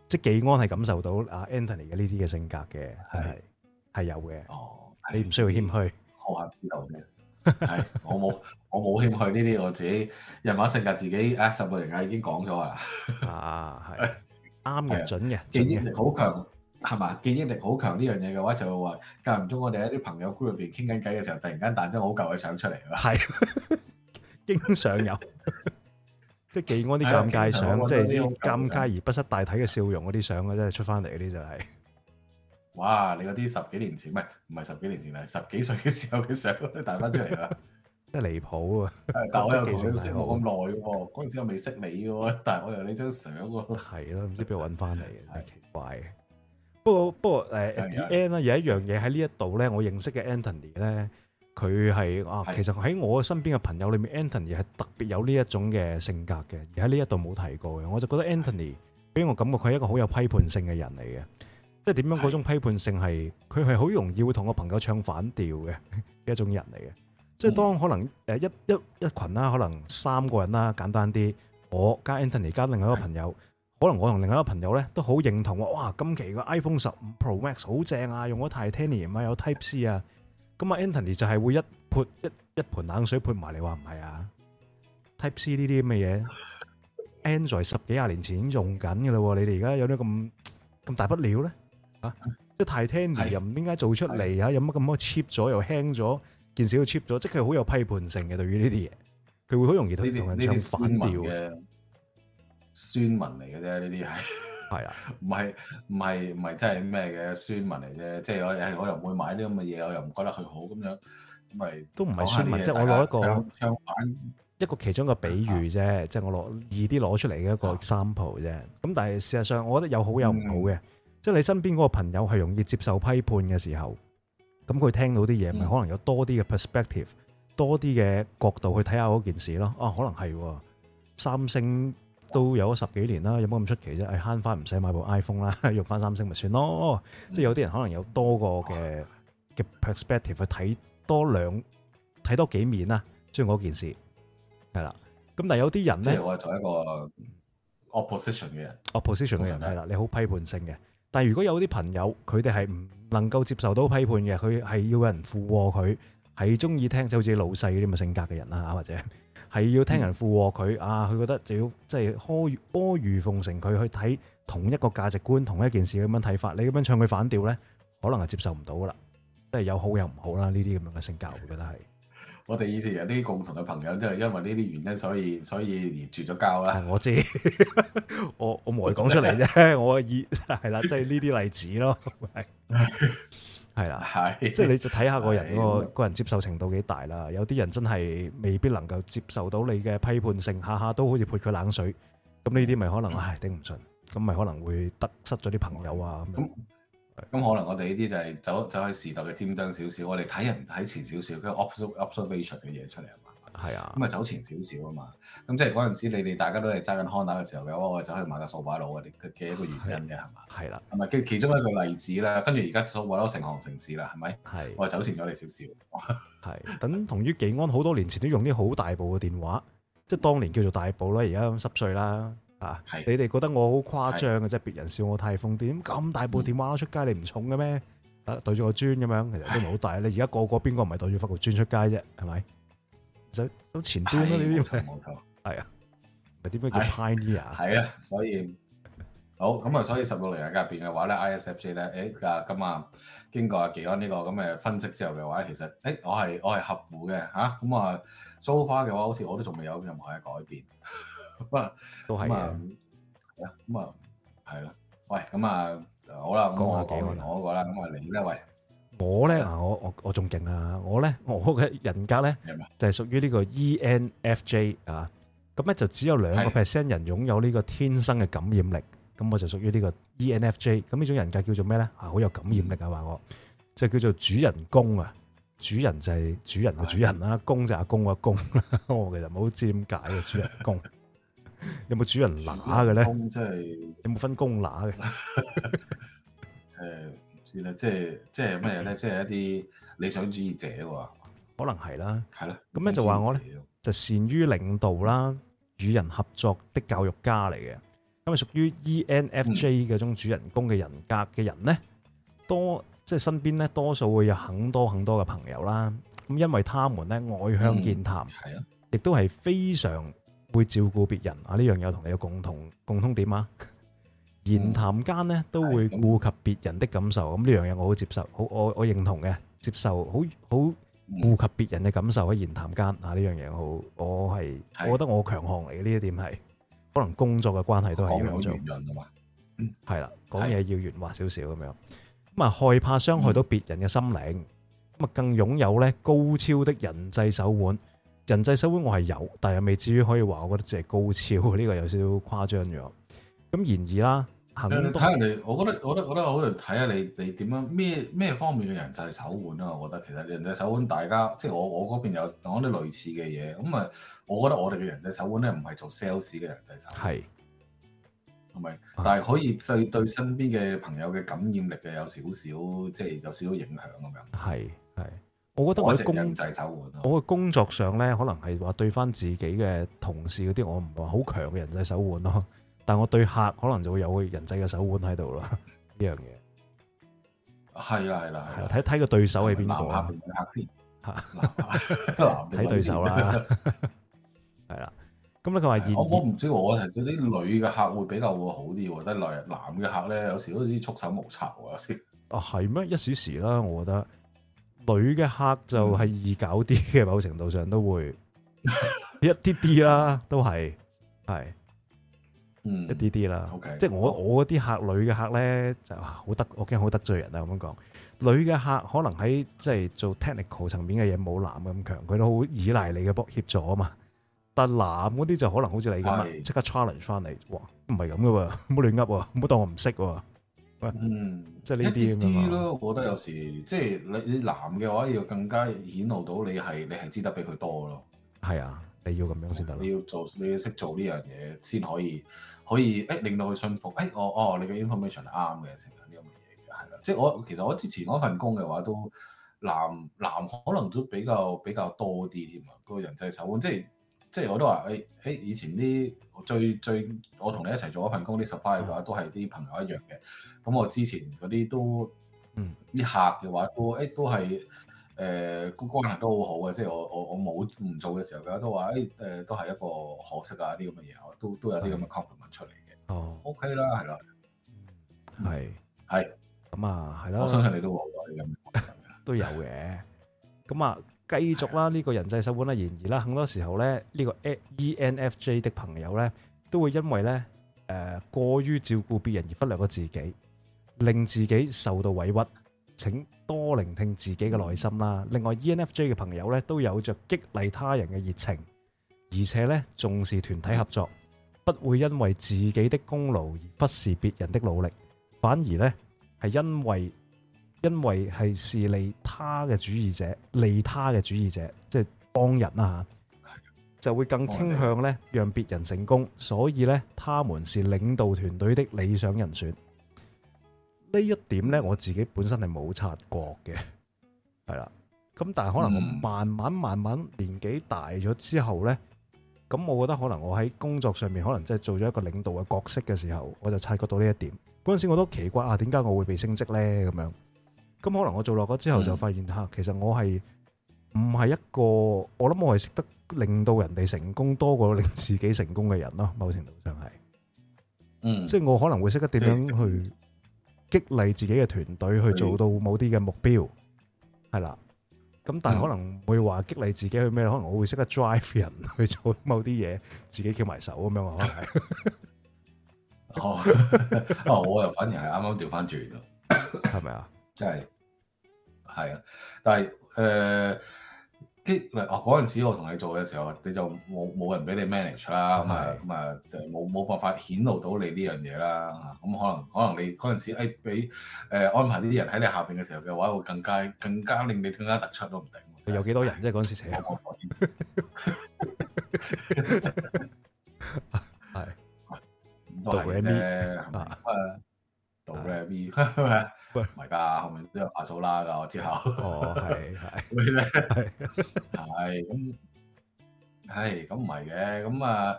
Speaker 1: 即係寄安係感受到阿 Anthony 嘅呢啲嘅性格嘅，
Speaker 2: 係係有嘅，
Speaker 1: 你唔需要謙虛，
Speaker 2: 我係唔夠嘅，係我冇。我冇興趣呢啲，我自己人馬性格，自己啊十個人啊已經講咗啦。啊，係啱嘅，準嘅，記憶力好強，係嘛？記憶力好強呢樣嘢嘅話就，就話間唔中，我哋喺啲朋友 group 入邊傾緊偈嘅時候，突然間彈咗好舊嘅相出嚟啦。係、 啊，經常有，即係記安啲尷尬相，即係啲尷尬而
Speaker 1: 不失大體嘅笑容嗰啲相咧，真係出翻嚟嗰啲就係、是。
Speaker 2: 哇！你嗰啲十幾年前，唔係唔係十幾年前啊，十幾歲嘅時候嘅相都彈翻出嚟啦。
Speaker 1: 真係離譜啊！但係我又講咗先冇咁
Speaker 2: 耐喎，嗰 時我未識你嘅喎，但係我又呢張相喎。係 咯，唔知邊度揾翻嚟嘅， 奇怪。不過不過誒，at、uh,
Speaker 1: the end 有一樣嘢喺呢一度咧，我認識嘅 Anthony 咧，佢係啊，其實喺我身邊嘅朋友裡面，Anthony 係特別有呢一種嘅性格嘅，而喺呢一度冇提過嘅，我就覺得 Anthony 俾我感覺佢係一個好有批判性嘅人嚟嘅，即係點樣嗰種批判性係佢係好容易會同個朋友唱反調嘅一種人嚟嘅。嗯、即係當可能誒一一一群啦，可能三個人啦，簡單啲，我加 Anthony 加另外一個朋友，可能我同另外一個朋友咧都好認同喎。哇，今期個 iPhone 十五 Pro Max 好正啊，用咗 Titanium 啊，有 Type C 啊。咁啊，Anthony 就係會一潑一一盆冷水潑埋你話唔係啊？Type C 呢啲咁嘅嘢，Android 十幾廿年前已經用緊㗎啦喎，你哋而家有啲咁咁大不了咧啊？即 Titanium 又點解做出嚟啊？有乜咁多 cheap 咗又輕咗？件事都 cheap 咗，即係佢好有批判性嘅對於呢啲嘢，佢會好容易同人唱反調嘅。
Speaker 2: 孫文嚟嘅啫，呢啲係係啊，唔係唔係唔係真係咩嘅孫文嚟啫，即係我係我又唔會買啲咁嘅嘢，我又唔覺得佢好咁樣，咪都唔係孫文，即係我攞一個
Speaker 1: 一個其中嘅比喻啫，即係我攞易啲攞出嚟嘅一個 sample 啫。咁但係事實上，我覺得有好有唔好嘅，即係你身邊嗰個朋友係容易接受批判嘅時候。咁佢聽到啲嘢，咪可能有多啲嘅 perspective，多啲嘅角度去睇下嗰件事咯。哦、啊，可能係三星都有咗十幾年啦，有冇咁出奇啫？係慳翻唔使買部 iPhone 啦，用翻三星咪算咯、嗯。即係有啲人可能有多個嘅嘅、嗯、perspective 去睇多兩睇多幾面啦，即係嗰件事係啦。咁但有啲人呢，即、就、
Speaker 2: 係、是、我係做一個 opposition 嘅人，opposition 嘅人係
Speaker 1: 啦，你好批判性嘅。但如果有啲朋友，佢哋係唔能夠接受到批判嘅，佢係要有人附和佢，係中意聽就好似老細嗰啲咁嘅性格嘅人啦，或者係要聽人附和佢、嗯、啊，佢覺得就要即係阿阿諛奉承佢去睇同一個價值觀、同一件事咁樣睇法，你咁樣唱佢反調咧，可能係接受唔到噶啦，即係有好有唔好啦，呢啲咁樣嘅性格，我覺得係。
Speaker 2: 我哋以前有啲共同嘅朋友，都係因為呢啲原因，所以所以而絕咗交啦。我知呵呵，我我冇講出嚟
Speaker 1: 啫，我以係啦，即係呢啲例子咯，係係啦，即 係、
Speaker 2: 就是、你就睇下個人個
Speaker 1: 個人接受程度幾大啦。有啲人真係未必能夠接受到你嘅批判性，下下都好似潑佢冷水，咁呢啲咪可能、嗯、唉頂唔順，咁咪可能會得失咗啲朋友啊咁。嗯
Speaker 2: 咁可能我哋呢啲就係走走喺時代嘅尖端少少，我哋睇人睇前少少，佢 observe observation 嘅嘢出嚟啊小小小嘛，係啊，咁啊走前少少啊嘛，咁即係嗰陣時你哋大家都係揸緊康達嘅時候嘅話，我哋就可以買個掃把佬嘅嘅一個原因嘅係嘛，係啦是，同咪其其中一個例子啦，跟住而家數碼都成行成市啦，係咪？係、啊，我哋走前咗你少少，
Speaker 1: 係等同於紀安好多年前都用啲好大部嘅電話，即係當年叫做大部啦，而家咁濕碎啦。啊！你哋覺得我好誇張嘅，即係別人笑我太瘋癲。咁大部電話出街，你唔重嘅咩？啊，袋住個磚咁樣，其實都唔係好大。你而家個個邊個唔係袋住塊個磚出街啫？係咪？就走前端啦，呢啲冇錯係啊，咪點解叫 pioneer？係啊，
Speaker 2: 所以好咁啊。所以十六類人格入邊嘅話咧，ISFJ 咧，誒啊，今晚經過阿幾安呢個咁嘅分析之後嘅話咧，其實誒，我係我係合乎嘅嚇。咁啊，so far 嘅話，好似我都仲未有任何嘅改變。啊，都係啊，係啊，咁啊，係咯，喂，咁啊，好啦，咁我講我嗰個啦，咁啊，你咧，喂，
Speaker 1: 我咧，啊，我我我仲勁啊，我咧，我嘅人格咧，就係屬於呢個 ENFJ 啊，咁咧就只有兩個 percent 人擁有呢個天生嘅感染力，咁我就屬於呢個 ENFJ，咁呢種人格叫做咩咧？啊，好有感染力啊，話我，就叫做主人公啊，主人就係主人嘅主人啦，公就係阿公嘅公，我其實唔好知點解嘅主人公。有冇主人乸嘅咧？有冇分工乸嘅？
Speaker 2: 誒， 唔知咧，即係即係咩咧？即、就、係、是、一啲理想主義者喎，
Speaker 1: 可能係啦，係啦。咁咧就話我咧就是、善於領導啦，與人合作的教育家嚟嘅。咁啊，屬於 E N F J 嗰種主人公嘅人格嘅人咧、嗯，多即係、就是、身邊咧，多數會有很多很多嘅朋友啦。咁因為他們咧外向健談，亦都係非常，會照顧別人啊！呢樣嘢同你有共同共通點啊？言談間咧都會顧及別人的感受，咁呢樣嘢我好接受，好我我認同嘅，接受好好顧及別人嘅感受喺言談間啊！呢樣嘢好，我係我覺得我強項嚟嘅呢一點係，可能工作嘅關係都係講有緣人啊嘛，係啦，講嘢要圓滑少少咁樣，咁啊害怕傷害到別人嘅心靈，咁啊更擁有咧高超的人際手腕。人際手腕我係有，但係未至於可以話我覺得淨係高超，呢、這個有少少誇張咗。咁然而啦，行動多。睇人哋，
Speaker 2: 我覺得，我覺得我覺得，好要睇下你，你點樣咩咩方面嘅人際手腕啊？我覺得其實人際手腕，大家即係我我嗰邊有講啲類似嘅嘢，咁啊，我覺得我哋嘅人際手腕咧，唔係做 sales 嘅人際手腕，係係咪，但係可以對對身邊嘅朋友嘅感染力嘅有少少，即、就、係、是、有少少影響咁樣。係係。我覺得我係人際手腕，
Speaker 1: 我嘅工作上咧，可能係話對翻自己嘅同事嗰啲，我唔話好強嘅人際手腕咯。但係我對客，可能就會有個人際嘅手腕喺度咯。呢樣嘢
Speaker 2: 係啦係啦，睇睇
Speaker 1: 個對手係邊個啦。男客，
Speaker 2: 客先，睇 對手啦，
Speaker 1: 係啦。咁你
Speaker 2: 話我我唔知，我係咗啲女嘅客會比較會好啲，但係男嘅客咧，有時都啲束手無策有先。哦，係咩？一
Speaker 1: 時時啦，我覺得。女嘅客就係易搞啲嘅、嗯，某程度上都會 一啲啲啦，都係係，
Speaker 2: 嗯，一啲
Speaker 1: 啲啦。Okay, 即係我我啲客女嘅客咧，就好得，我驚好得罪人啊！咁樣講，女嘅客可能喺即係做 technical 層面嘅嘢冇男咁強，佢都好依賴你嘅幫協助啊嘛。但男嗰啲就可能好似你咁啊，即刻 challenge 翻嚟，唔係咁噶喎，唔好亂噏，唔好當我唔識、啊。嗯，即係呢啲咯。我
Speaker 2: 覺得有時即係你你男嘅話，要更加顯露到你係你係知得比佢多咯。係啊，你要咁樣先得你要做你要識做呢樣嘢先可以可以誒、欸，令到佢信服誒。我、欸、哦，哦，你嘅 information 啱嘅，成日呢咁嘅嘢嘅係啦。即係我其實我之前嗰份工嘅話都男男可能都比較比較多啲添啊。個人際手腕即係即係我都話誒誒以前啲最最我同你一齊做嗰嗰、嗯、一份工啲 supply 嘅話都係啲朋友一樣嘅。咁我之前嗰啲都，啲、嗯、客嘅話都，誒、哎、都係，誒個關係都好好嘅，即係我我我冇唔做嘅時候咧、哎呃，都話誒，誒都係一個可惜啊啲咁嘅嘢，都都有啲咁嘅 comment 出嚟嘅、okay。哦，O K 啦，係啦，
Speaker 1: 係係，咁、嗯、啊係啦，我相信你都話過嘅，都有嘅。咁啊，繼續啦，呢、這個人際手腕啊，然而啦，很多時候咧，呢、這個 E N F J 的朋友咧，都會因為咧，誒過於照顧別人而忽略咗自己。令自己受到委屈，請多聆聽自己嘅內心啦。另外，ENFJ 嘅朋友咧，都有着激勵他人嘅熱情，而且咧重視團體合作，不會因為自己的功勞而忽視別人的努力，反而咧係因為因為係是利他嘅主義者，利他嘅主義者即係幫人啊，就會更傾向咧讓別人成功，所以咧他們是領導團隊的理想人選。呢一點呢，我自己本身係冇察覺嘅，係啦。咁但係可能我慢慢慢慢年紀大咗之後呢，咁、嗯、我覺得可能我喺工作上面可能即係做咗一個領導嘅角色嘅時候，我就察覺到呢一點。嗰陣時我都奇怪啊，點解我會被升職呢？咁樣咁可能我做落咗之後就發現嚇、嗯，其實我係唔係一個我諗我係識得令到人哋成功多過令自己成功嘅人咯。某程度上係、嗯，即係我可能會識得點樣去。嗯去激勵自己嘅團隊去做到某啲嘅目標，係啦。咁但係可能會話激勵自己去咩、嗯？可能我會識得 drive 人去做某啲嘢，自己翹埋手咁樣啊。 哦， 哦，
Speaker 2: 我又反而係啱啱調翻轉咯，係咪啊？即 係，係啊。但係，誒、呃。即係嗱，嗰陣時我同你做嘅時候，你就冇冇人俾你 manage 啦，咁啊咁啊，冇冇辦法顯露到你呢樣嘢啦，咁可能可能你嗰陣時誒俾誒安排呢啲人喺你下邊嘅時候嘅話，會更加更加令你更加突出都唔定。
Speaker 1: 有幾多人？即係嗰陣時成個團隊。
Speaker 2: 好唔係㗎，後面都有阿嫂啦。我之後，哦，係係，係 咁，係咁唔係嘅，咁 啊，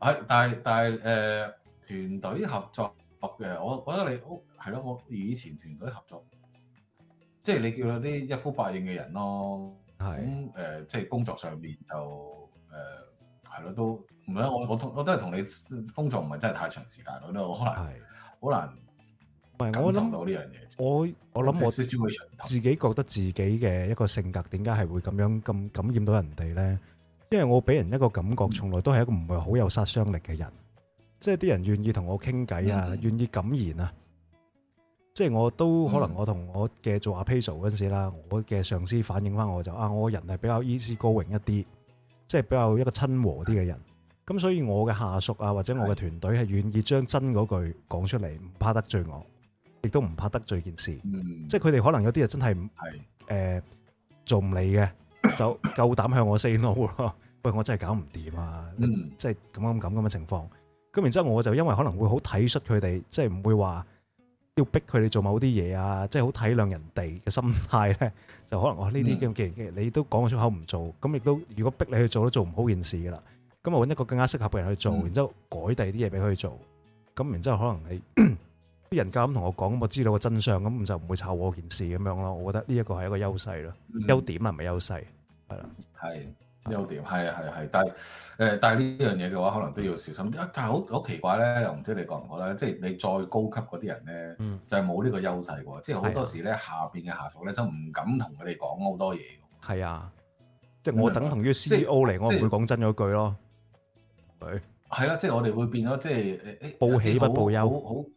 Speaker 2: 係，但係但係誒、呃、團隊合作嘅，我覺得你屋係咯，我以前團隊合作，即、就、係、係、你叫嗰啲一呼百應嘅人咯，係咁誒，即係工作上面就誒係咯，都唔係我我同我都係同你工作唔係真係太長時間，我覺得我可能難，好難。我諗到呢樣嘢，我我諗我
Speaker 1: 自己覺得自己嘅一個性格點解係會咁樣咁感染到人哋呢？因為我俾人一個感覺，從來都係一個唔會好有殺傷力嘅人，即係啲人願意同我傾偈啊，願意敢言啊。即係我都、嗯嗯嗯、可能我同我嘅做阿 Peso 嗰陣時啦，我嘅上司反映翻我就啊，我人係比較衣思高榮一啲，即係比較一個親和啲嘅人。咁、嗯、所以我嘅下屬啊，或者我嘅團隊係願意將真嗰句講出嚟，唔怕得罪我。亦都唔怕得罪件事，即係佢哋可能有啲人真係唔，誒做唔嚟嘅，就夠膽向我 say no 咯。喂，我真係搞唔掂啊，即係咁咁咁咁嘅情況。咁然之後，我就因為可能會好體恤佢哋，即係唔會話要逼佢哋做某啲嘢啊，即係好體諒人哋嘅心態咧，就可能我呢啲咁嘅，你都講出口唔做，咁亦都如果逼你去做都做唔好件事噶啦，咁我揾一個更加適合嘅人去做，然之後改第啲嘢俾佢去做，咁然之後可能你。人咁同我講，我知道個真相，咁就唔會炒我件事咁樣咯。我覺得呢一個係一個優勢咯，優、嗯、點係咪優勢？係啦，
Speaker 2: 係優點，係啊，係係。但係誒、呃，但係呢樣嘢嘅話，可能都要小心啲。但係好好奇怪咧，又唔知你講唔講咧。即係你再高級嗰啲人咧、嗯，就係冇呢個優勢，即係好多時咧、啊、下邊嘅下屬咧，就唔敢同佢哋講好多嘢。係啊，
Speaker 1: 即係我等同於 C E O 嚟，我唔會講真句咯。係，
Speaker 2: 係啦，即係、啊、我哋會變咗，即係報喜不報憂，哎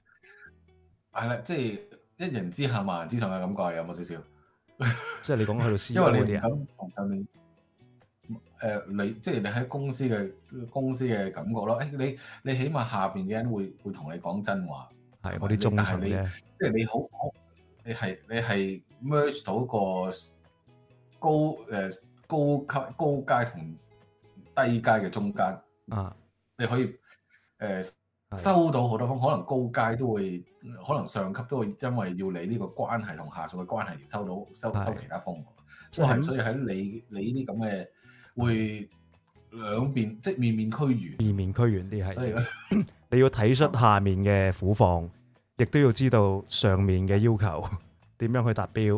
Speaker 2: 係啦，即係一人之下萬人之上嘅感覺，有冇少少？
Speaker 1: 即係你講去到私，因為你唔敢
Speaker 2: 同上面你，呃、即係你喺公司嘅公司嘅感覺咯。誒，你你起碼下邊嘅人會會同你講真話，係啲中層嘅。即係你好、就是，你係你係 merge 到個高誒、呃、高級高階同低階嘅中間啊！你可以誒。呃收到好多風，可能高階都會，可能上級都會，因為要你呢個關係同下屬嘅關係收到收收其他風，即係所以喺你你呢啲咁嘅會兩邊、嗯、即面面俱圓，面面俱圓啲係。
Speaker 1: 你要睇出下面嘅苦況，亦都要知道上面嘅要求點樣去達標。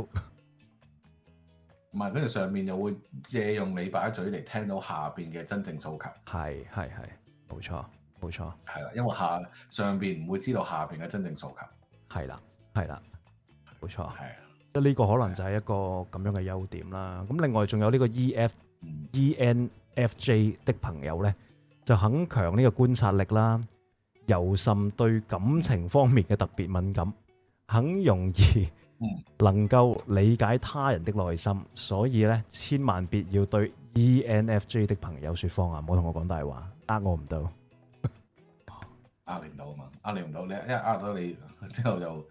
Speaker 2: 唔係，跟住上面又會借用你把嘴嚟聽到下邊嘅真正訴求。
Speaker 1: 係係係，冇錯。冇錯，
Speaker 2: 係啦，因為下上邊唔會知道下邊嘅真正訴求，
Speaker 1: 係啦，係啦，冇錯，係啊，即、這、呢個可能就係一個咁樣嘅優點啦。咁另外仲有呢個 E F、嗯、E N F J 的朋友呢，就很強呢個觀察力啦，尤甚對感情方面嘅特別敏感，很容易能夠理解他人的內心，所以呢，千萬別要對 E N F J 的朋友說謊啊！唔好同我講大話，呃我唔到。
Speaker 2: 壓唔到啊嘛，壓你唔到，你一壓到你之後就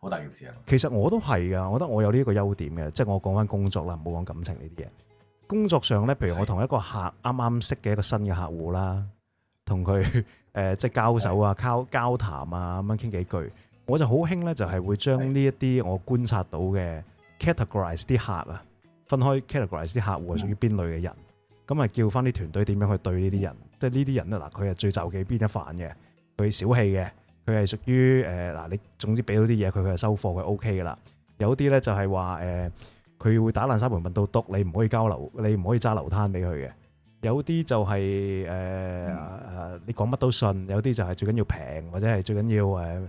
Speaker 2: 好大件事啊。
Speaker 1: 其實我都係噶，我覺得我有呢一個優點嘅，即係我講翻工作啦，唔好講感情呢啲嘢。工作上咧，譬如我同一個客啱啱識嘅一個新嘅客戶啦，同佢誒即係交手啊，交交談啊，咁樣傾幾句，我就好興咧，就係會將呢一啲我觀察到嘅 categorize 啲客啊，分開 categorize 啲客戶係屬於邊類嘅人，咁、嗯、啊叫翻啲團隊點樣去對呢啲人，嗯、即係呢啲人咧嗱，佢係最就幾邊一範嘅。佢小氣嘅，佢係屬於誒嗱，你總之俾到啲嘢佢，佢係收貨佢 OK 噶啦。有啲咧就係話誒，佢會打爛沙盆問到篤，你唔可以交流，你唔可以揸流攤俾佢嘅。有啲就係誒誒，你講乜都信。有啲就係最緊要平，或者係最緊要誒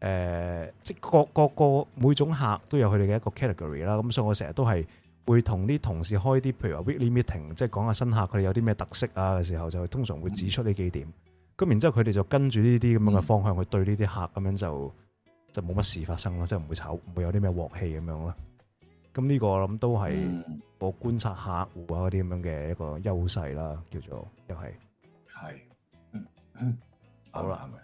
Speaker 1: 誒，即係各各個每種客都有佢哋嘅一個 category 啦。咁所以我成日都係會同啲同事開啲，譬如話 weekly meeting，即係講下新客佢哋有啲咩特色啊嘅時候，就通常會指出呢幾點。咁然之後佢哋就跟住呢啲咁樣嘅方向去對呢啲客，咁、嗯、樣就就冇乜事發生啦，即係唔會炒，唔會有啲咩鑊氣咁樣啦。咁呢個我諗都係我觀察客戶啊嗰啲咁樣嘅一個優勢啦，叫做又係係好啦，係、嗯、咪？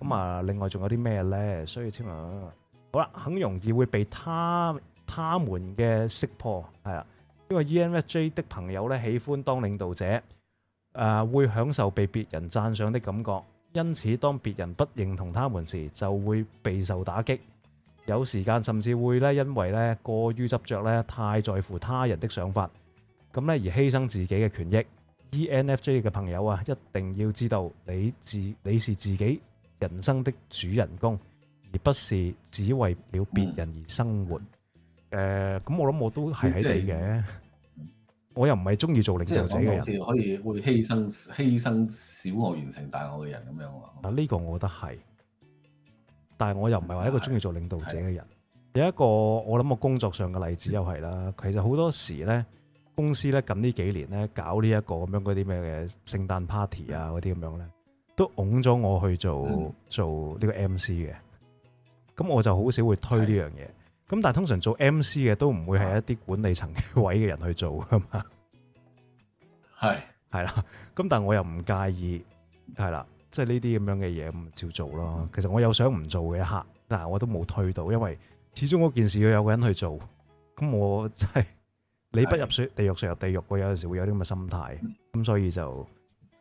Speaker 1: 咁啊，另外仲有啲咩咧？所以千萬、啊、好啦，很容易會被他他們嘅識破，係啊，因為 ENFJ 的朋友咧喜歡當領導者。誒會享受被別人讚賞的感覺，因此當別人不認同他們時，就會備受打擊。有時間甚至會咧，因為咧過於執著咧，太在乎他人的想法，咁咧而犧牲自己嘅權益。ENFJ 嘅朋友啊，一定要知道你自你是自己人生的主人公，而不是只為了別人而生活。誒，
Speaker 2: 咁我諗我都係喺你嘅。
Speaker 1: 我又唔係中意做領導者嘅人，即、就係，可以會犧
Speaker 2: 牲犧牲小我完成大我嘅人咁樣咯。啊，呢、呢個我覺得係，
Speaker 1: 但係我又唔係話一個中意做領導者嘅人的。有一個我諗我工作上嘅例子又係啦，其實好多時咧，公司咧近呢幾年咧搞呢、呢、一個咁樣嗰啲咩嘅聖誕 party 啊，嗰啲咁樣咧，都㧬咗我去做做呢個 MC 嘅。咁我就好少會推呢樣嘢。咁但係通常做 MC 嘅都唔會係一啲管理層嘅位嘅人去做啊嘛，係係啦，咁但係我又唔介意，係啦，即係呢啲咁樣嘅嘢咁照做咯，嗯。其實我有想唔做嘅一刻，但係我都冇退到，因為始終嗰件事要有個人去做。咁我真係你不入水，地獄誰入地獄？我有陣時會有啲咁嘅心態。咁、嗯、所以就誒、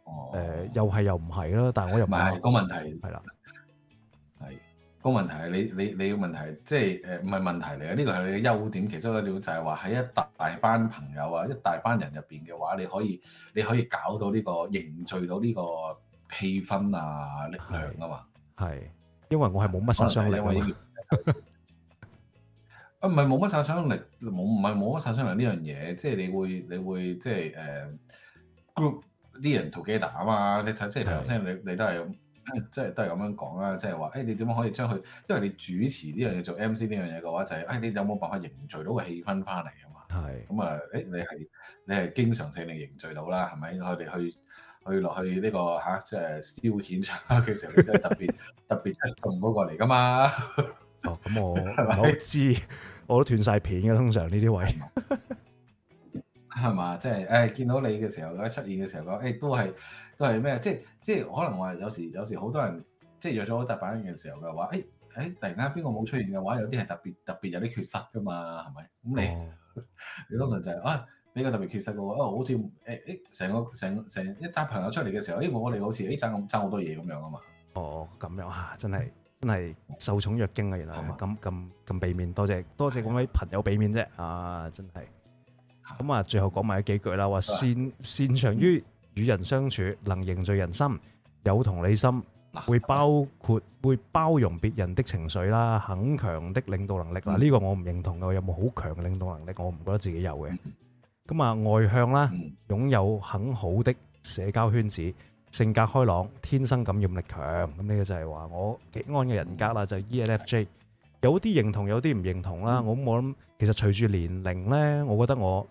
Speaker 1: 哦呃、又係又唔係咯。但係我又唔係、個問題，係啦。
Speaker 2: 個問題係你你你嘅問題，即係誒唔係問題嚟嘅，呢個係你嘅優點。其中一點就係話喺一大班朋友啊，一大班人入邊嘅話，你可以你可以搞到呢個凝聚到呢個氣氛啊力量啊嘛。
Speaker 1: 係，因為我係冇乜殺傷力， 力 啊，
Speaker 2: 唔係冇乜殺傷力，冇唔係冇乜殺傷力呢樣嘢。即係你會你會即係誒、uh, group 啲人 together 啊嘛。你睇即係頭先你你都係咁。即係都係咁樣講啦，即係話，誒你點樣可以將佢，因為你主持呢樣嘢，做 MC 呢樣嘢嘅話，就係、是，誒你有冇辦法凝聚到個氣氛翻嚟啊嘛？係。咁啊，誒你係你係經常性地凝聚到啦，係咪？我哋去去落去呢、這個嚇、啊，即係消遣嘅時候你都係特別 特別唔好過嚟噶嘛。 哦，
Speaker 1: 咁那我 我都知， 我都斷晒片嘅，通常呢啲位係
Speaker 2: 嘛？即係誒見到你嘅時候，一出現嘅時候講，誒、哎、都係。都係咩？即即可能話有時有時好多人即約咗一紮朋友嘅時候嘅話，誒、哎、誒、哎、突然間邊個冇出現嘅話，有啲係特別特別有啲缺失噶嘛，係咪？咁你、哦、 你通常就係、是、啊、哎、比較特別缺失嘅喎、那個哦，好似誒誒成個成成一紮朋友出嚟嘅時候，誒、哎、我我哋好似誒爭咁爭好多嘢咁樣啊嘛。
Speaker 1: 哦，咁樣啊，真係真係受寵若驚啊！原來咁咁咁俾面，多謝多謝各位朋友俾面啫、啊！啊，真係咁啊，最後講埋幾句啦，話擅擅長於與人相處能凝聚人心，有同理心，會包括會包容別人的情緒啦，很強的領導能力嗱，呢個我唔認同嘅。有冇好強嘅領導能力？我唔覺得自己有嘅。咁啊，外向啦，擁有很好的社交圈子，性格開朗，天生感染力強。咁呢個就係話我極安嘅人格啦，就 ENFJ。有啲認同，有啲唔認同啦。我我諗其實隨住年齡咧，我覺得我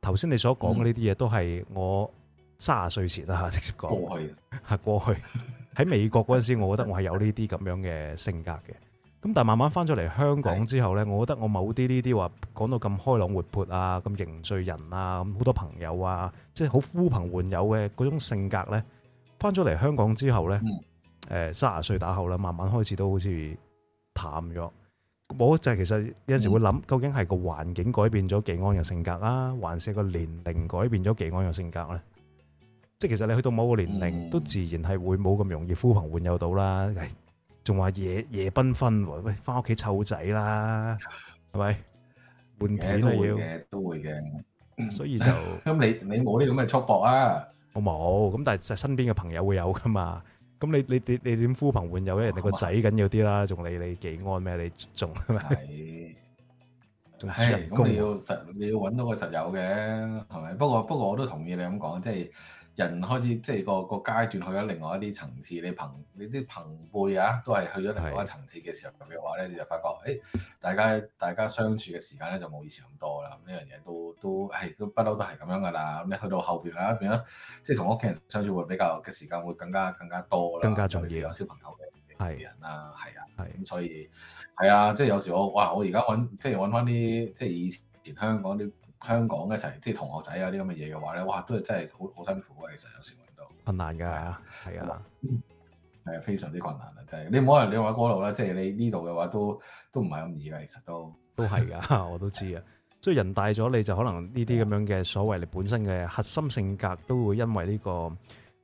Speaker 1: 頭先你所講嘅呢啲嘢都係我。三十歲前啦，直接講過去。喺美國嗰陣時，我覺得我係有呢啲咁樣嘅性格嘅。咁但係慢慢翻咗嚟香港之後咧，我覺得我某啲呢啲話講到咁開朗活潑啊，咁凝聚人啊，咁好多朋友啊，即係好呼朋喚友嘅嗰種性格咧，翻咗嚟香港之後咧，誒，三十歲打後啦，慢慢開始都好似淡咗。我就其實有陣時會諗，究竟係個環境改變咗幾安嘅性格啊，還是個年齡改變咗幾安嘅性格咧？即係其實你去到某個年齡，都自然係會冇咁容易呼朋喚友到啦。係仲話夜夜繽紛，喂，翻屋企湊仔啦，係咪？換片啊要，都會嘅，
Speaker 2: 都會嘅，所以就咁你你冇呢咁嘅束縛啊？
Speaker 1: 我冇，咁但係身邊嘅朋友會有㗎嘛？咁你你你你點呼朋喚友咧？人哋個仔緊要啲啦，仲理你幾安咩？你仲
Speaker 2: 係咁你要實你要搵到個實友嘅係咪？不過不過我都同意你咁講，即係。人開始即係個個階段去咗另外一啲層次，你朋你啲朋輩啊，都係去咗另外一層次嘅時候咁嘅話咧，你就發覺誒、欸，大家大家相處嘅時間咧就冇以前咁多啦。呢樣嘢都都係都不嬲都係咁樣噶啦。咁你去到後邊啦，變咗即係同屋企人相處會比較嘅時間會更加更加多啦，更加重要有小朋友嘅人啦，係啊，係咁所以係啊，即係有時我哇，我而家揾即係揾翻啲即係以前香港啲。香港一齊即係同學仔啊！啲咁嘅嘢嘅話咧，哇都係真係好好辛苦啊！其實有時揾到困難㗎係啊，係啊，係、啊嗯、非常之困難啊！真係你唔可能你話哥老啦，即係你呢度嘅話都都唔係咁易㗎。其實都都係㗎，
Speaker 1: 我都知道啊。所以人大咗你就可能呢啲咁樣嘅所謂你本身嘅核心性格都會因為呢個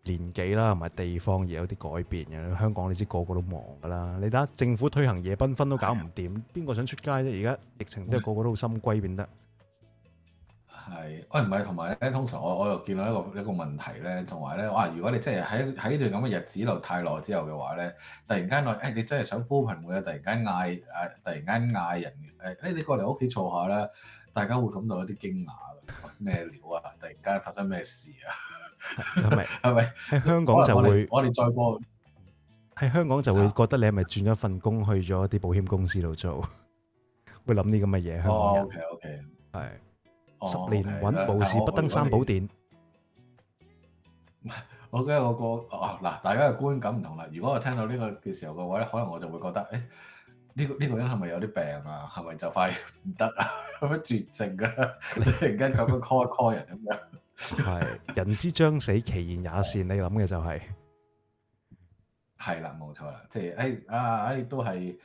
Speaker 1: 年紀啦同埋地方而有啲改變嘅。香港你知個個都忙㗎啦，你睇下政府推行夜繽紛都搞唔掂，邊個、啊、想出街啫？而家疫情真係個個都好心歸變得。
Speaker 2: 係，喂唔係，同埋咧，通常我我又見到一個一個問題咧，同埋咧，哇！如果你真係喺喺呢段咁嘅日子留太耐之後嘅話咧，突然間我，誒你真係想呼朋友啊！突然間嗌誒，突然間嗌人嘅，誒誒你過嚟屋企坐下啦，大家會感到一啲驚訝，咩料啊？突然間發生咩事啊？係咪係咪喺香港就會？我哋再過
Speaker 1: 喺香港就會覺得你係咪轉咗份工去咗啲保險公司度做？會諗啲咁嘅嘢。哦，OK OK，係。十年揾暴事不登三寶殿。
Speaker 2: 唔係，我覺得我個哦嗱，大家嘅觀感唔同啦。如果我聽到呢個嘅時候嘅話咧，可能我就會覺得，誒、欸、呢、這個呢、這個人係咪有啲病啊？係咪就快唔得啊？咁樣絕症你突然間咁樣 call call 人咁樣。
Speaker 1: 係 人之將死，其言也善。 你諗嘅就係、是。
Speaker 2: 係啦，冇錯啦，即係誒、哎、啊誒，都係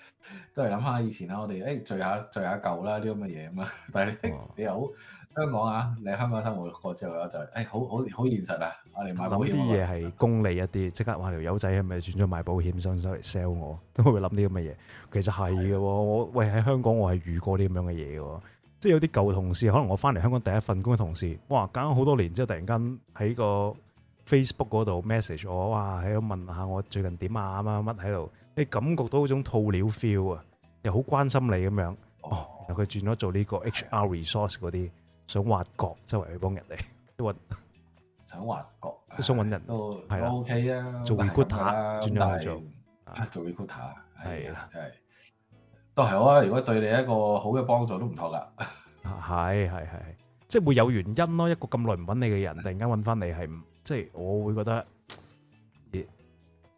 Speaker 2: 都係諗下以前啦，我哋誒、哎、聚下聚下舊啦啲咁嘅嘢咁啊！但係你又好，香港啊，你喺香港生活過之後又聚，誒、就是哎、好好好現實啊！我哋諗呢啲嘢係
Speaker 1: 功利一啲，即刻話條友仔係咪轉咗賣保險想走去 sell 我，都會諗啲咁嘅嘢。其實係嘅喎，我喂喺香港我係遇過啲咁樣嘅嘢嘅喎，即係有啲舊同事，可能我翻嚟香港第一份工嘅同事，哇，隔咗好多年之後突然間喺個 Facebook 嗰度 message 我，哇喺度問下我最近點啊，乜乜乜喺度，你感覺到嗰種套料 feel 啊，又好關心你咁樣。哦，佢轉咗做呢個 HR resource 嗰啲，想挖角周圍去幫人哋，想
Speaker 2: 挖角，想搵人，係啦，O K 啊，做 recruiter 啊，轉咗做，做 recruiter 啊，係啊，真係都係好啊，如果對你一個好嘅幫助都唔錯噶。
Speaker 1: 係係係，即係會有原因咯。一個咁耐唔揾你嘅人，突然間揾翻你係。即係我會覺得，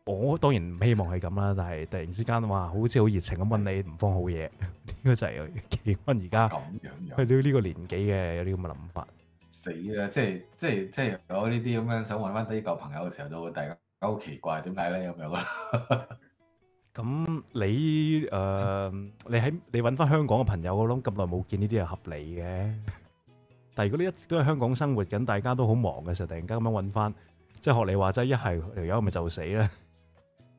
Speaker 1: 我當然唔希望係咁啦。但係突然之間話好似好熱情咁問你唔放好嘢，應該就係結婚而家咁樣樣。喺呢呢個年紀嘅有啲咁嘅諗法。
Speaker 2: 死啦！即係即係即係有呢啲咁樣想揾翻低舊朋友嘅時候都，都會大家好奇怪點解咧咁樣啦。
Speaker 1: 咁你誒、呃、你喺你揾翻香港嘅朋友我諗咁耐冇見呢啲係合理嘅。但係如果啲一直都喺香港生活緊，大家都好忙嘅時候，突然間咁樣揾翻，即係學你話齋，一係條友係咪就死咧，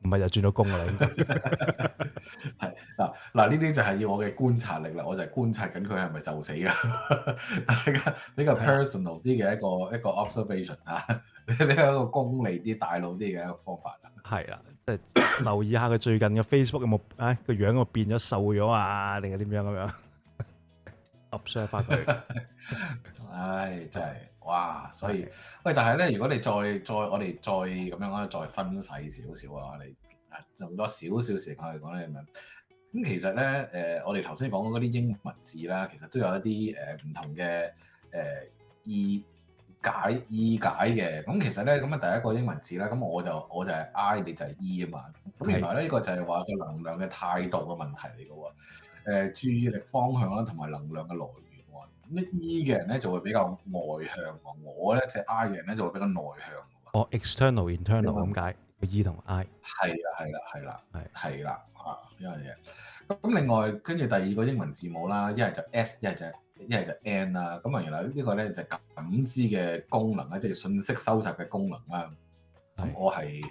Speaker 1: 唔係就轉到工啦。係嗱
Speaker 2: 嗱呢啲就係要我嘅觀察力啦，我就係觀察緊佢係咪就死啊？ 大家比較 personal 啲嘅一個、啊、一個 observation 一個一一一個啊，比、就、較、是、一個功利啲、大腦啲嘅一個方法
Speaker 1: 啦。係啊，即係留意下佢最近嘅 Facebook 有冇啊個樣變咗瘦咗啊，定係點樣咁樣？update 翻佢，
Speaker 2: 唉，真係，哇！所以，喂，但係咧，如果你再再我哋再咁樣咧，再分細少少啊，我哋用多少少時間嚟講咧，咁咁其實咧，誒、呃，我哋頭先講嗰啲英文字啦，其實都有一啲誒唔同嘅誒、呃、意，意解意解嘅。咁其實咧，咁啊，第一個英文字啦，咁我就我就係 I，你就係 E 啊嘛。咁原來咧呢個就係話個能量嘅態度嘅問題嚟噶喎。誒，注意力方向啦，同埋能量嘅來源喎。啲 E 嘅人咧就會比較外向，我咧就 I 嘅人咧就會比較內向
Speaker 1: 喎。我 external internal 咁解，E 同 I。係啦，
Speaker 2: 係啦，係啦，係係啦，啊呢樣嘢。咁咁另外跟住第二個英文字母啦，一係就 S，一係就一係就 N 啦。咁啊原來呢個咧就感感知嘅功能咧，即係信息收集嘅功能啦。咁我係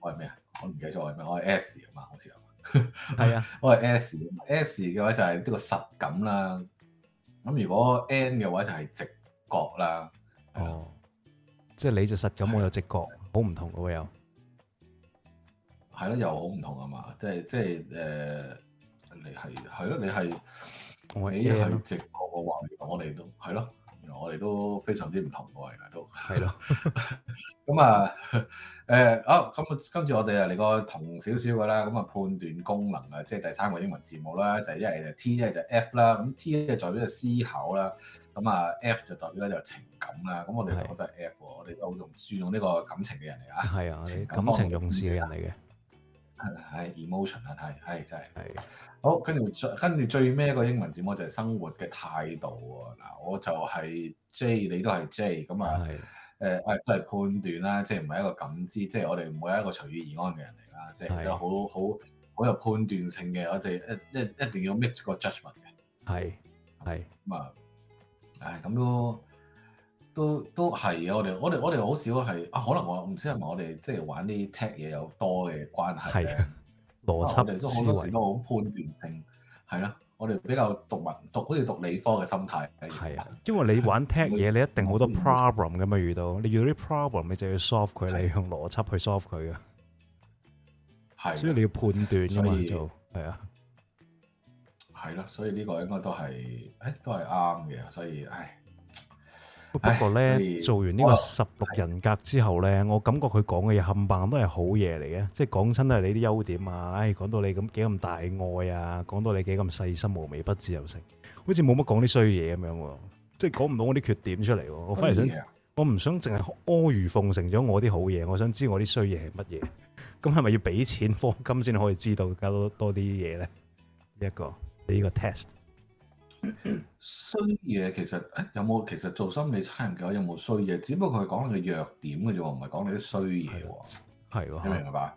Speaker 2: 我係咩啊？我唔記得咗係咩，我係 S 啊嘛，好似係。係啊， 我係 S，S 嘅話就係呢個實感啦。咁如果 N 嘅話就係直覺啦。
Speaker 1: 哦，啊、即係你就實感，我有直覺，好唔、啊、同嘅喎又。
Speaker 2: 係咯、啊，又好唔同啊嘛，即係即係誒、呃，你係係咯，你係你係直覺嘅話，我哋都係咯。原來我哋都非常之唔同㗎，原來都係咯。咁 啊，誒、啊，好，咁啊，跟住我哋啊嚟個同少少嘅啦。咁、嗯、啊，判斷功能啊，即係第三個英文字母啦，就係、是、一係就 T，一係就 F 啦。咁 T 咧代表就思考啦，咁啊 F 就代表咧就情感啦。咁我哋我都係 F 喎，我哋都好重注重呢個感情嘅人嚟㗎。係啊，感情用事嘅人嚟嘅。係 emotion 啊，係係真係，係好，跟住最跟住最尾一個英文字母就係生活嘅態度啊、哦！嗱，我就係 J，你都係 J，咁啊，誒，誒都係判斷啦，即係唔係一個感知，即係我哋唔會係一個隨遇而安嘅人嚟啦，即係都好好好有判斷性嘅，我哋一一一定要 make 個 judgment 嘅，係係咁啊，誒咁都。都都係啊！我哋我哋我哋好少係啊，可能我唔知係咪我哋即係玩啲 tech 嘢有多嘅關係咧？
Speaker 1: 邏輯、思維都
Speaker 2: 好判斷性，係啦。我哋比較讀文讀好似讀理科嘅心態係啊。
Speaker 1: 因為你玩 tech 嘢，你一定好多 problem 㗎嘛，遇到你遇到啲 problem，你就要 solve 佢，你用邏輯去 solve 佢嘅。係，所以你要判斷㗎嘛做係啊。
Speaker 2: 係咯，所以呢個應該都係誒，都係啱嘅。所以唉。
Speaker 1: 不過咧、哎、做完呢個十六人格之後咧、哎，我感覺佢講嘅嘢冚唪唥都係好嘢嚟嘅，即係講真都係你啲優點啊！唉、哎，講到你咁幾咁大愛啊，講到你幾咁細心、無微不至又成，好似冇乜講啲衰嘢咁樣喎、啊，即係講唔到我啲缺點出嚟、啊。我反而想，我唔想淨係阿諛奉承咗我啲好嘢，我想知道我啲衰嘢係乜嘢。咁係咪要俾錢課金先可以知道加多多啲嘢咧？呢、這、一個呢、這個 test。
Speaker 2: 衰、嗯、嘢，其實有冇，其實做心理差人嘅有冇衰嘢？只不過佢講你嘅弱點嘅啫，唔係講你啲衰嘢喎。係喎，你明唔明白？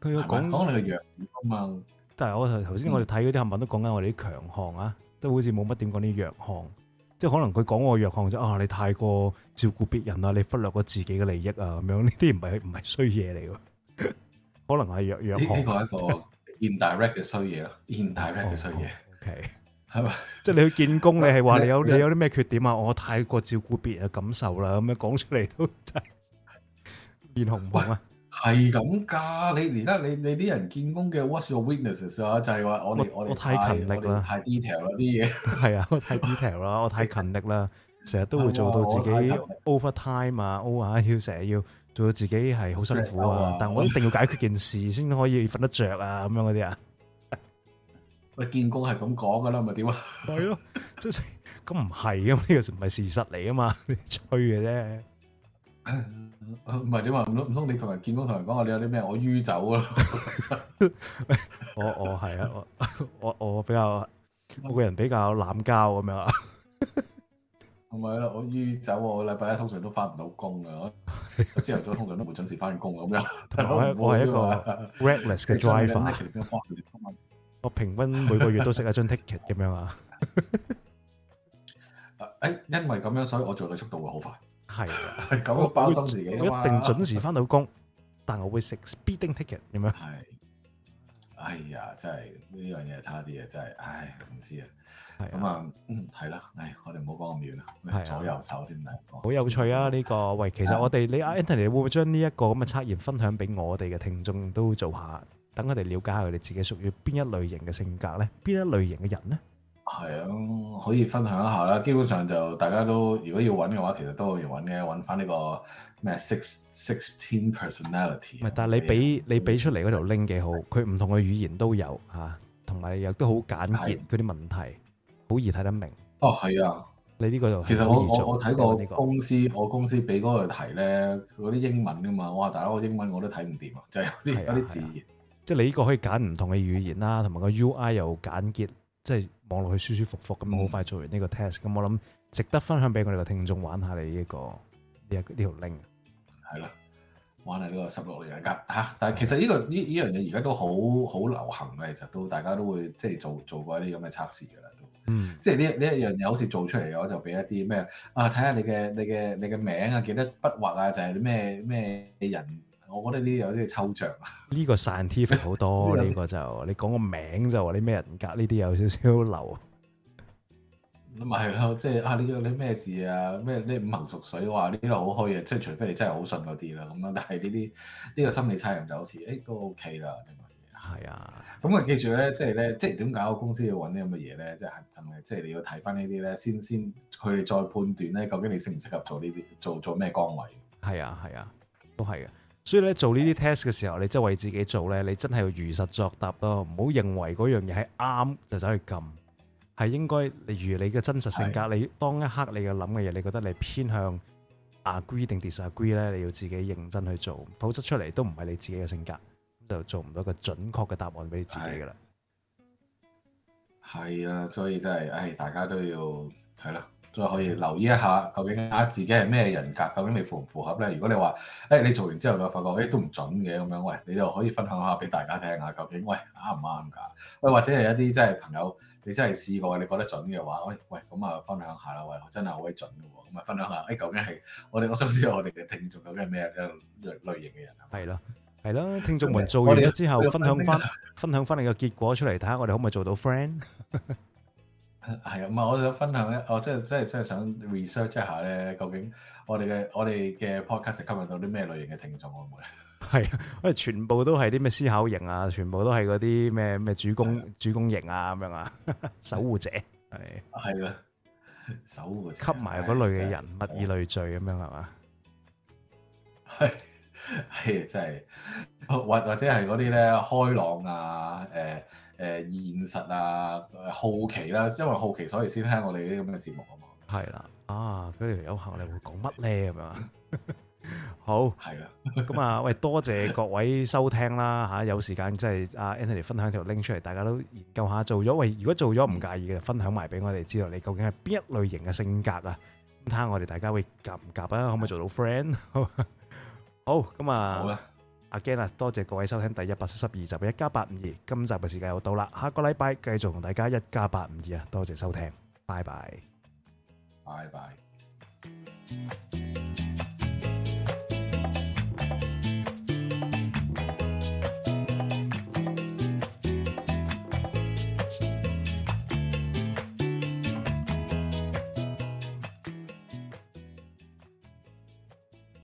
Speaker 2: 佢講講你嘅弱點啊嘛。
Speaker 1: 但係我頭先我哋睇嗰啲新聞都講緊我哋啲強項啊，都好似冇乜點講啲弱項。即係可能佢講我弱項就是、啊，你太過照顧別人啦、啊，你忽略咗自己嘅利益啊，咁樣呢啲唔係唔係衰嘢嚟嘅。可能係弱弱項呢個係一個
Speaker 2: indirect 嘅衰嘢咯，indirect 嘅衰嘢。Oh, okay. 係
Speaker 1: 嘛？即係你去見工，你係話你有你有啲咩缺點啊？我太過照顧別人嘅感受啦，咁樣講出嚟都真係
Speaker 2: 面紅紅啊！係咁噶，你而家你你啲人見工嘅 what’s your weaknesses 就係話我我太勤力啦，太 detail 啦啲嘢，
Speaker 1: 係啊，我太 detail 啦，我太勤力啦，成日、啊、 都會做到自己 over time 啊，over 啊，要成日要做到自己係好辛苦啊，但我一定要解決件事先可以瞓得着啊，咁樣嗰啲啊。
Speaker 2: 喂，見工係咁講噶啦，咪點啊？係咯，即
Speaker 1: 係咁唔係噶嘛？呢個唔係事實嚟噶嘛？你吹嘅啫。
Speaker 2: 唔係點啊？唔通唔通你同人見工同人講話你有啲咩？我淤走咯。我我
Speaker 1: 係啊，我我我比較，我個人比較濫交咁
Speaker 2: 樣啊。唔係咯，我淤走，我禮拜一通常都翻唔到工噶。我之後再通常都唔準時翻工咁樣。我我係一個 reckless 嘅 driver。
Speaker 1: 我平均每個月都食一張 ticket 咁樣啊！
Speaker 2: 誒，因為咁樣，所以我做嘅速度會好快。係，係咁。包心自己。我會一定準時
Speaker 1: 返到工，但我會食 speeding ticket 咁樣。係。
Speaker 2: 哎呀，真係呢樣嘢差啲啊！真係，唉，唔知啊。咁啊，係啦。唉，我哋唔好講咁遠啦。係。左右手啲唔係。
Speaker 1: 好有趣啊！呢個。喂，其實我哋你阿 Anthony 會唔會將呢一個咁嘅測驗分享俾我哋嘅聽眾都做下？等我哋了解下佢哋自己屬於邊一類型嘅性格咧，邊一類型嘅人咧？
Speaker 2: 係啊，可以分享一下啦。基本上就大家都如果要揾嘅話，其實都可以揾嘅。揾翻呢個咩 six sixteen personality。唔係，但係你俾、嗯、
Speaker 1: 你俾出嚟嗰條 link 幾好？佢唔同嘅語言都有嚇，同埋又都好簡潔，嗰啲問題好易睇得明。哦，係啊，你呢個就其實我好易做我我睇過
Speaker 2: 公司，這個、我公司俾嗰個題咧，嗰啲英文㗎嘛。哇，大佬，我英文我都睇唔掂啊，就係有啲有啲字。
Speaker 1: 即係你呢個可以揀唔同嘅語言啦，同埋個 UI 又簡潔，即係網絡去舒舒服服咁好快做完呢個 test。咁、嗯、我諗值得分享俾我哋嘅聽眾玩一下你呢，這個呢一呢條 link。係、這、啦、個
Speaker 2: 這個，玩下呢個十六個人格嚇。但係其實呢、這個呢呢樣嘢而家都好好流行嘅，其實都大家都會即係做做過一啲咁嘅測試噶啦，都。嗯，即這。即係呢呢一樣嘢好似做出嚟嘅話，就俾一啲咩啊？睇下你嘅你嘅你嘅名啊，幾多筆畫啊？就係啲咩咩人？我覺得呢啲有啲抽象。
Speaker 1: 呢 這個散 T 費好多，呢 個就你講個名就話你咩人格呢啲有少少流。
Speaker 2: 咁咪係咯，即係啊！你你咩字啊？咩呢？五行屬水話，哇！呢啲都好虛啊！即係除非你真係好順嗰啲啦，咁樣。但係呢啲呢個心理測驗就好似誒都 OK 啦啲咁嘅嘢。係啊，咁啊記住咧，即係咧，即係點解我公司要揾啲咁嘅嘢咧？即係行真嘅，即係你要睇翻呢啲咧，先先佢哋再判斷咧，究竟你適唔適合做呢啲做做咩崗位？
Speaker 1: 係啊，係啊，都係啊。所以咧，做呢啲 test 嘅時候，你真係為自己做咧，你真係要如實作答咯，唔好認為嗰樣嘢係啱就走去撳，係應該例如你嘅真實性格，你當一刻你嘅諗嘅嘢，你覺得你偏向啊 agree 定 disagree 咧，你要自己認真去做，否則出嚟都唔係你自己嘅性格，就做唔到一個準確嘅答
Speaker 2: 案俾你自己噶啦。係啊，所以真係唉，大家都要睇啦。再可以留意一下，究竟啊自己係咩人格？究竟你符唔符合咧？如果你話誒、欸、你做完之後就發覺誒、欸、都唔準嘅咁樣，喂，你就可以分享下俾大家聽下，究竟喂啱唔啱㗎？喂，合合或者係一啲真係朋友，你真係試過你覺得準嘅話，喂喂咁啊分享下啦！喂，真係好鬼準嘅喎，咁啊分享下誒、欸、究竟係我哋我想知我哋嘅聽眾究竟係咩嘅類型嘅人啊？
Speaker 1: 係咯係咯，聽眾們做完咗之後分享翻分，分享翻你嘅結果出嚟，睇下我哋可唔可以做到 friend。
Speaker 2: 係啊，咁啊，我想分享咧，我即係即係即係想 research 一下咧，究竟我哋嘅我哋嘅 podcast 吸引到啲咩類型嘅聽眾我唔？
Speaker 1: 係啊，我哋全部都係啲咩思考型啊，全部都係嗰啲咩咩主公主公型啊咁樣啊，守護者，係係啊，守護者吸埋嗰類嘅人，物以類聚咁樣係嘛？
Speaker 2: 係係真係，或或者係嗰啲咧開朗啊，誒。誒，現實啊，好奇啦，啊，因為好奇所以先聽我哋呢啲
Speaker 1: 咁嘅節目啊嘛。係啦，啊，佢哋有客你會講乜咧咁啊？ 好，係啦，咁啊，喂，多謝各位收聽啦吓， 啊，有時間即係阿 Anthony 分享條 link 出嚟，大家都研究下做咗，喂，如果做咗唔介意嘅，分享埋俾我哋知道，你究竟係邊一類型嘅性格啊？咁睇下我哋大家會夾唔夾啊？可唔可以做到 friend？ 好，咁啊。好阿 g 啊，多謝各位收聽第一百七十二集《一加八五二》，今集嘅時間又到啦，下個禮拜繼續同大家一加八五二啊，多謝收聽，拜拜，
Speaker 2: 拜拜。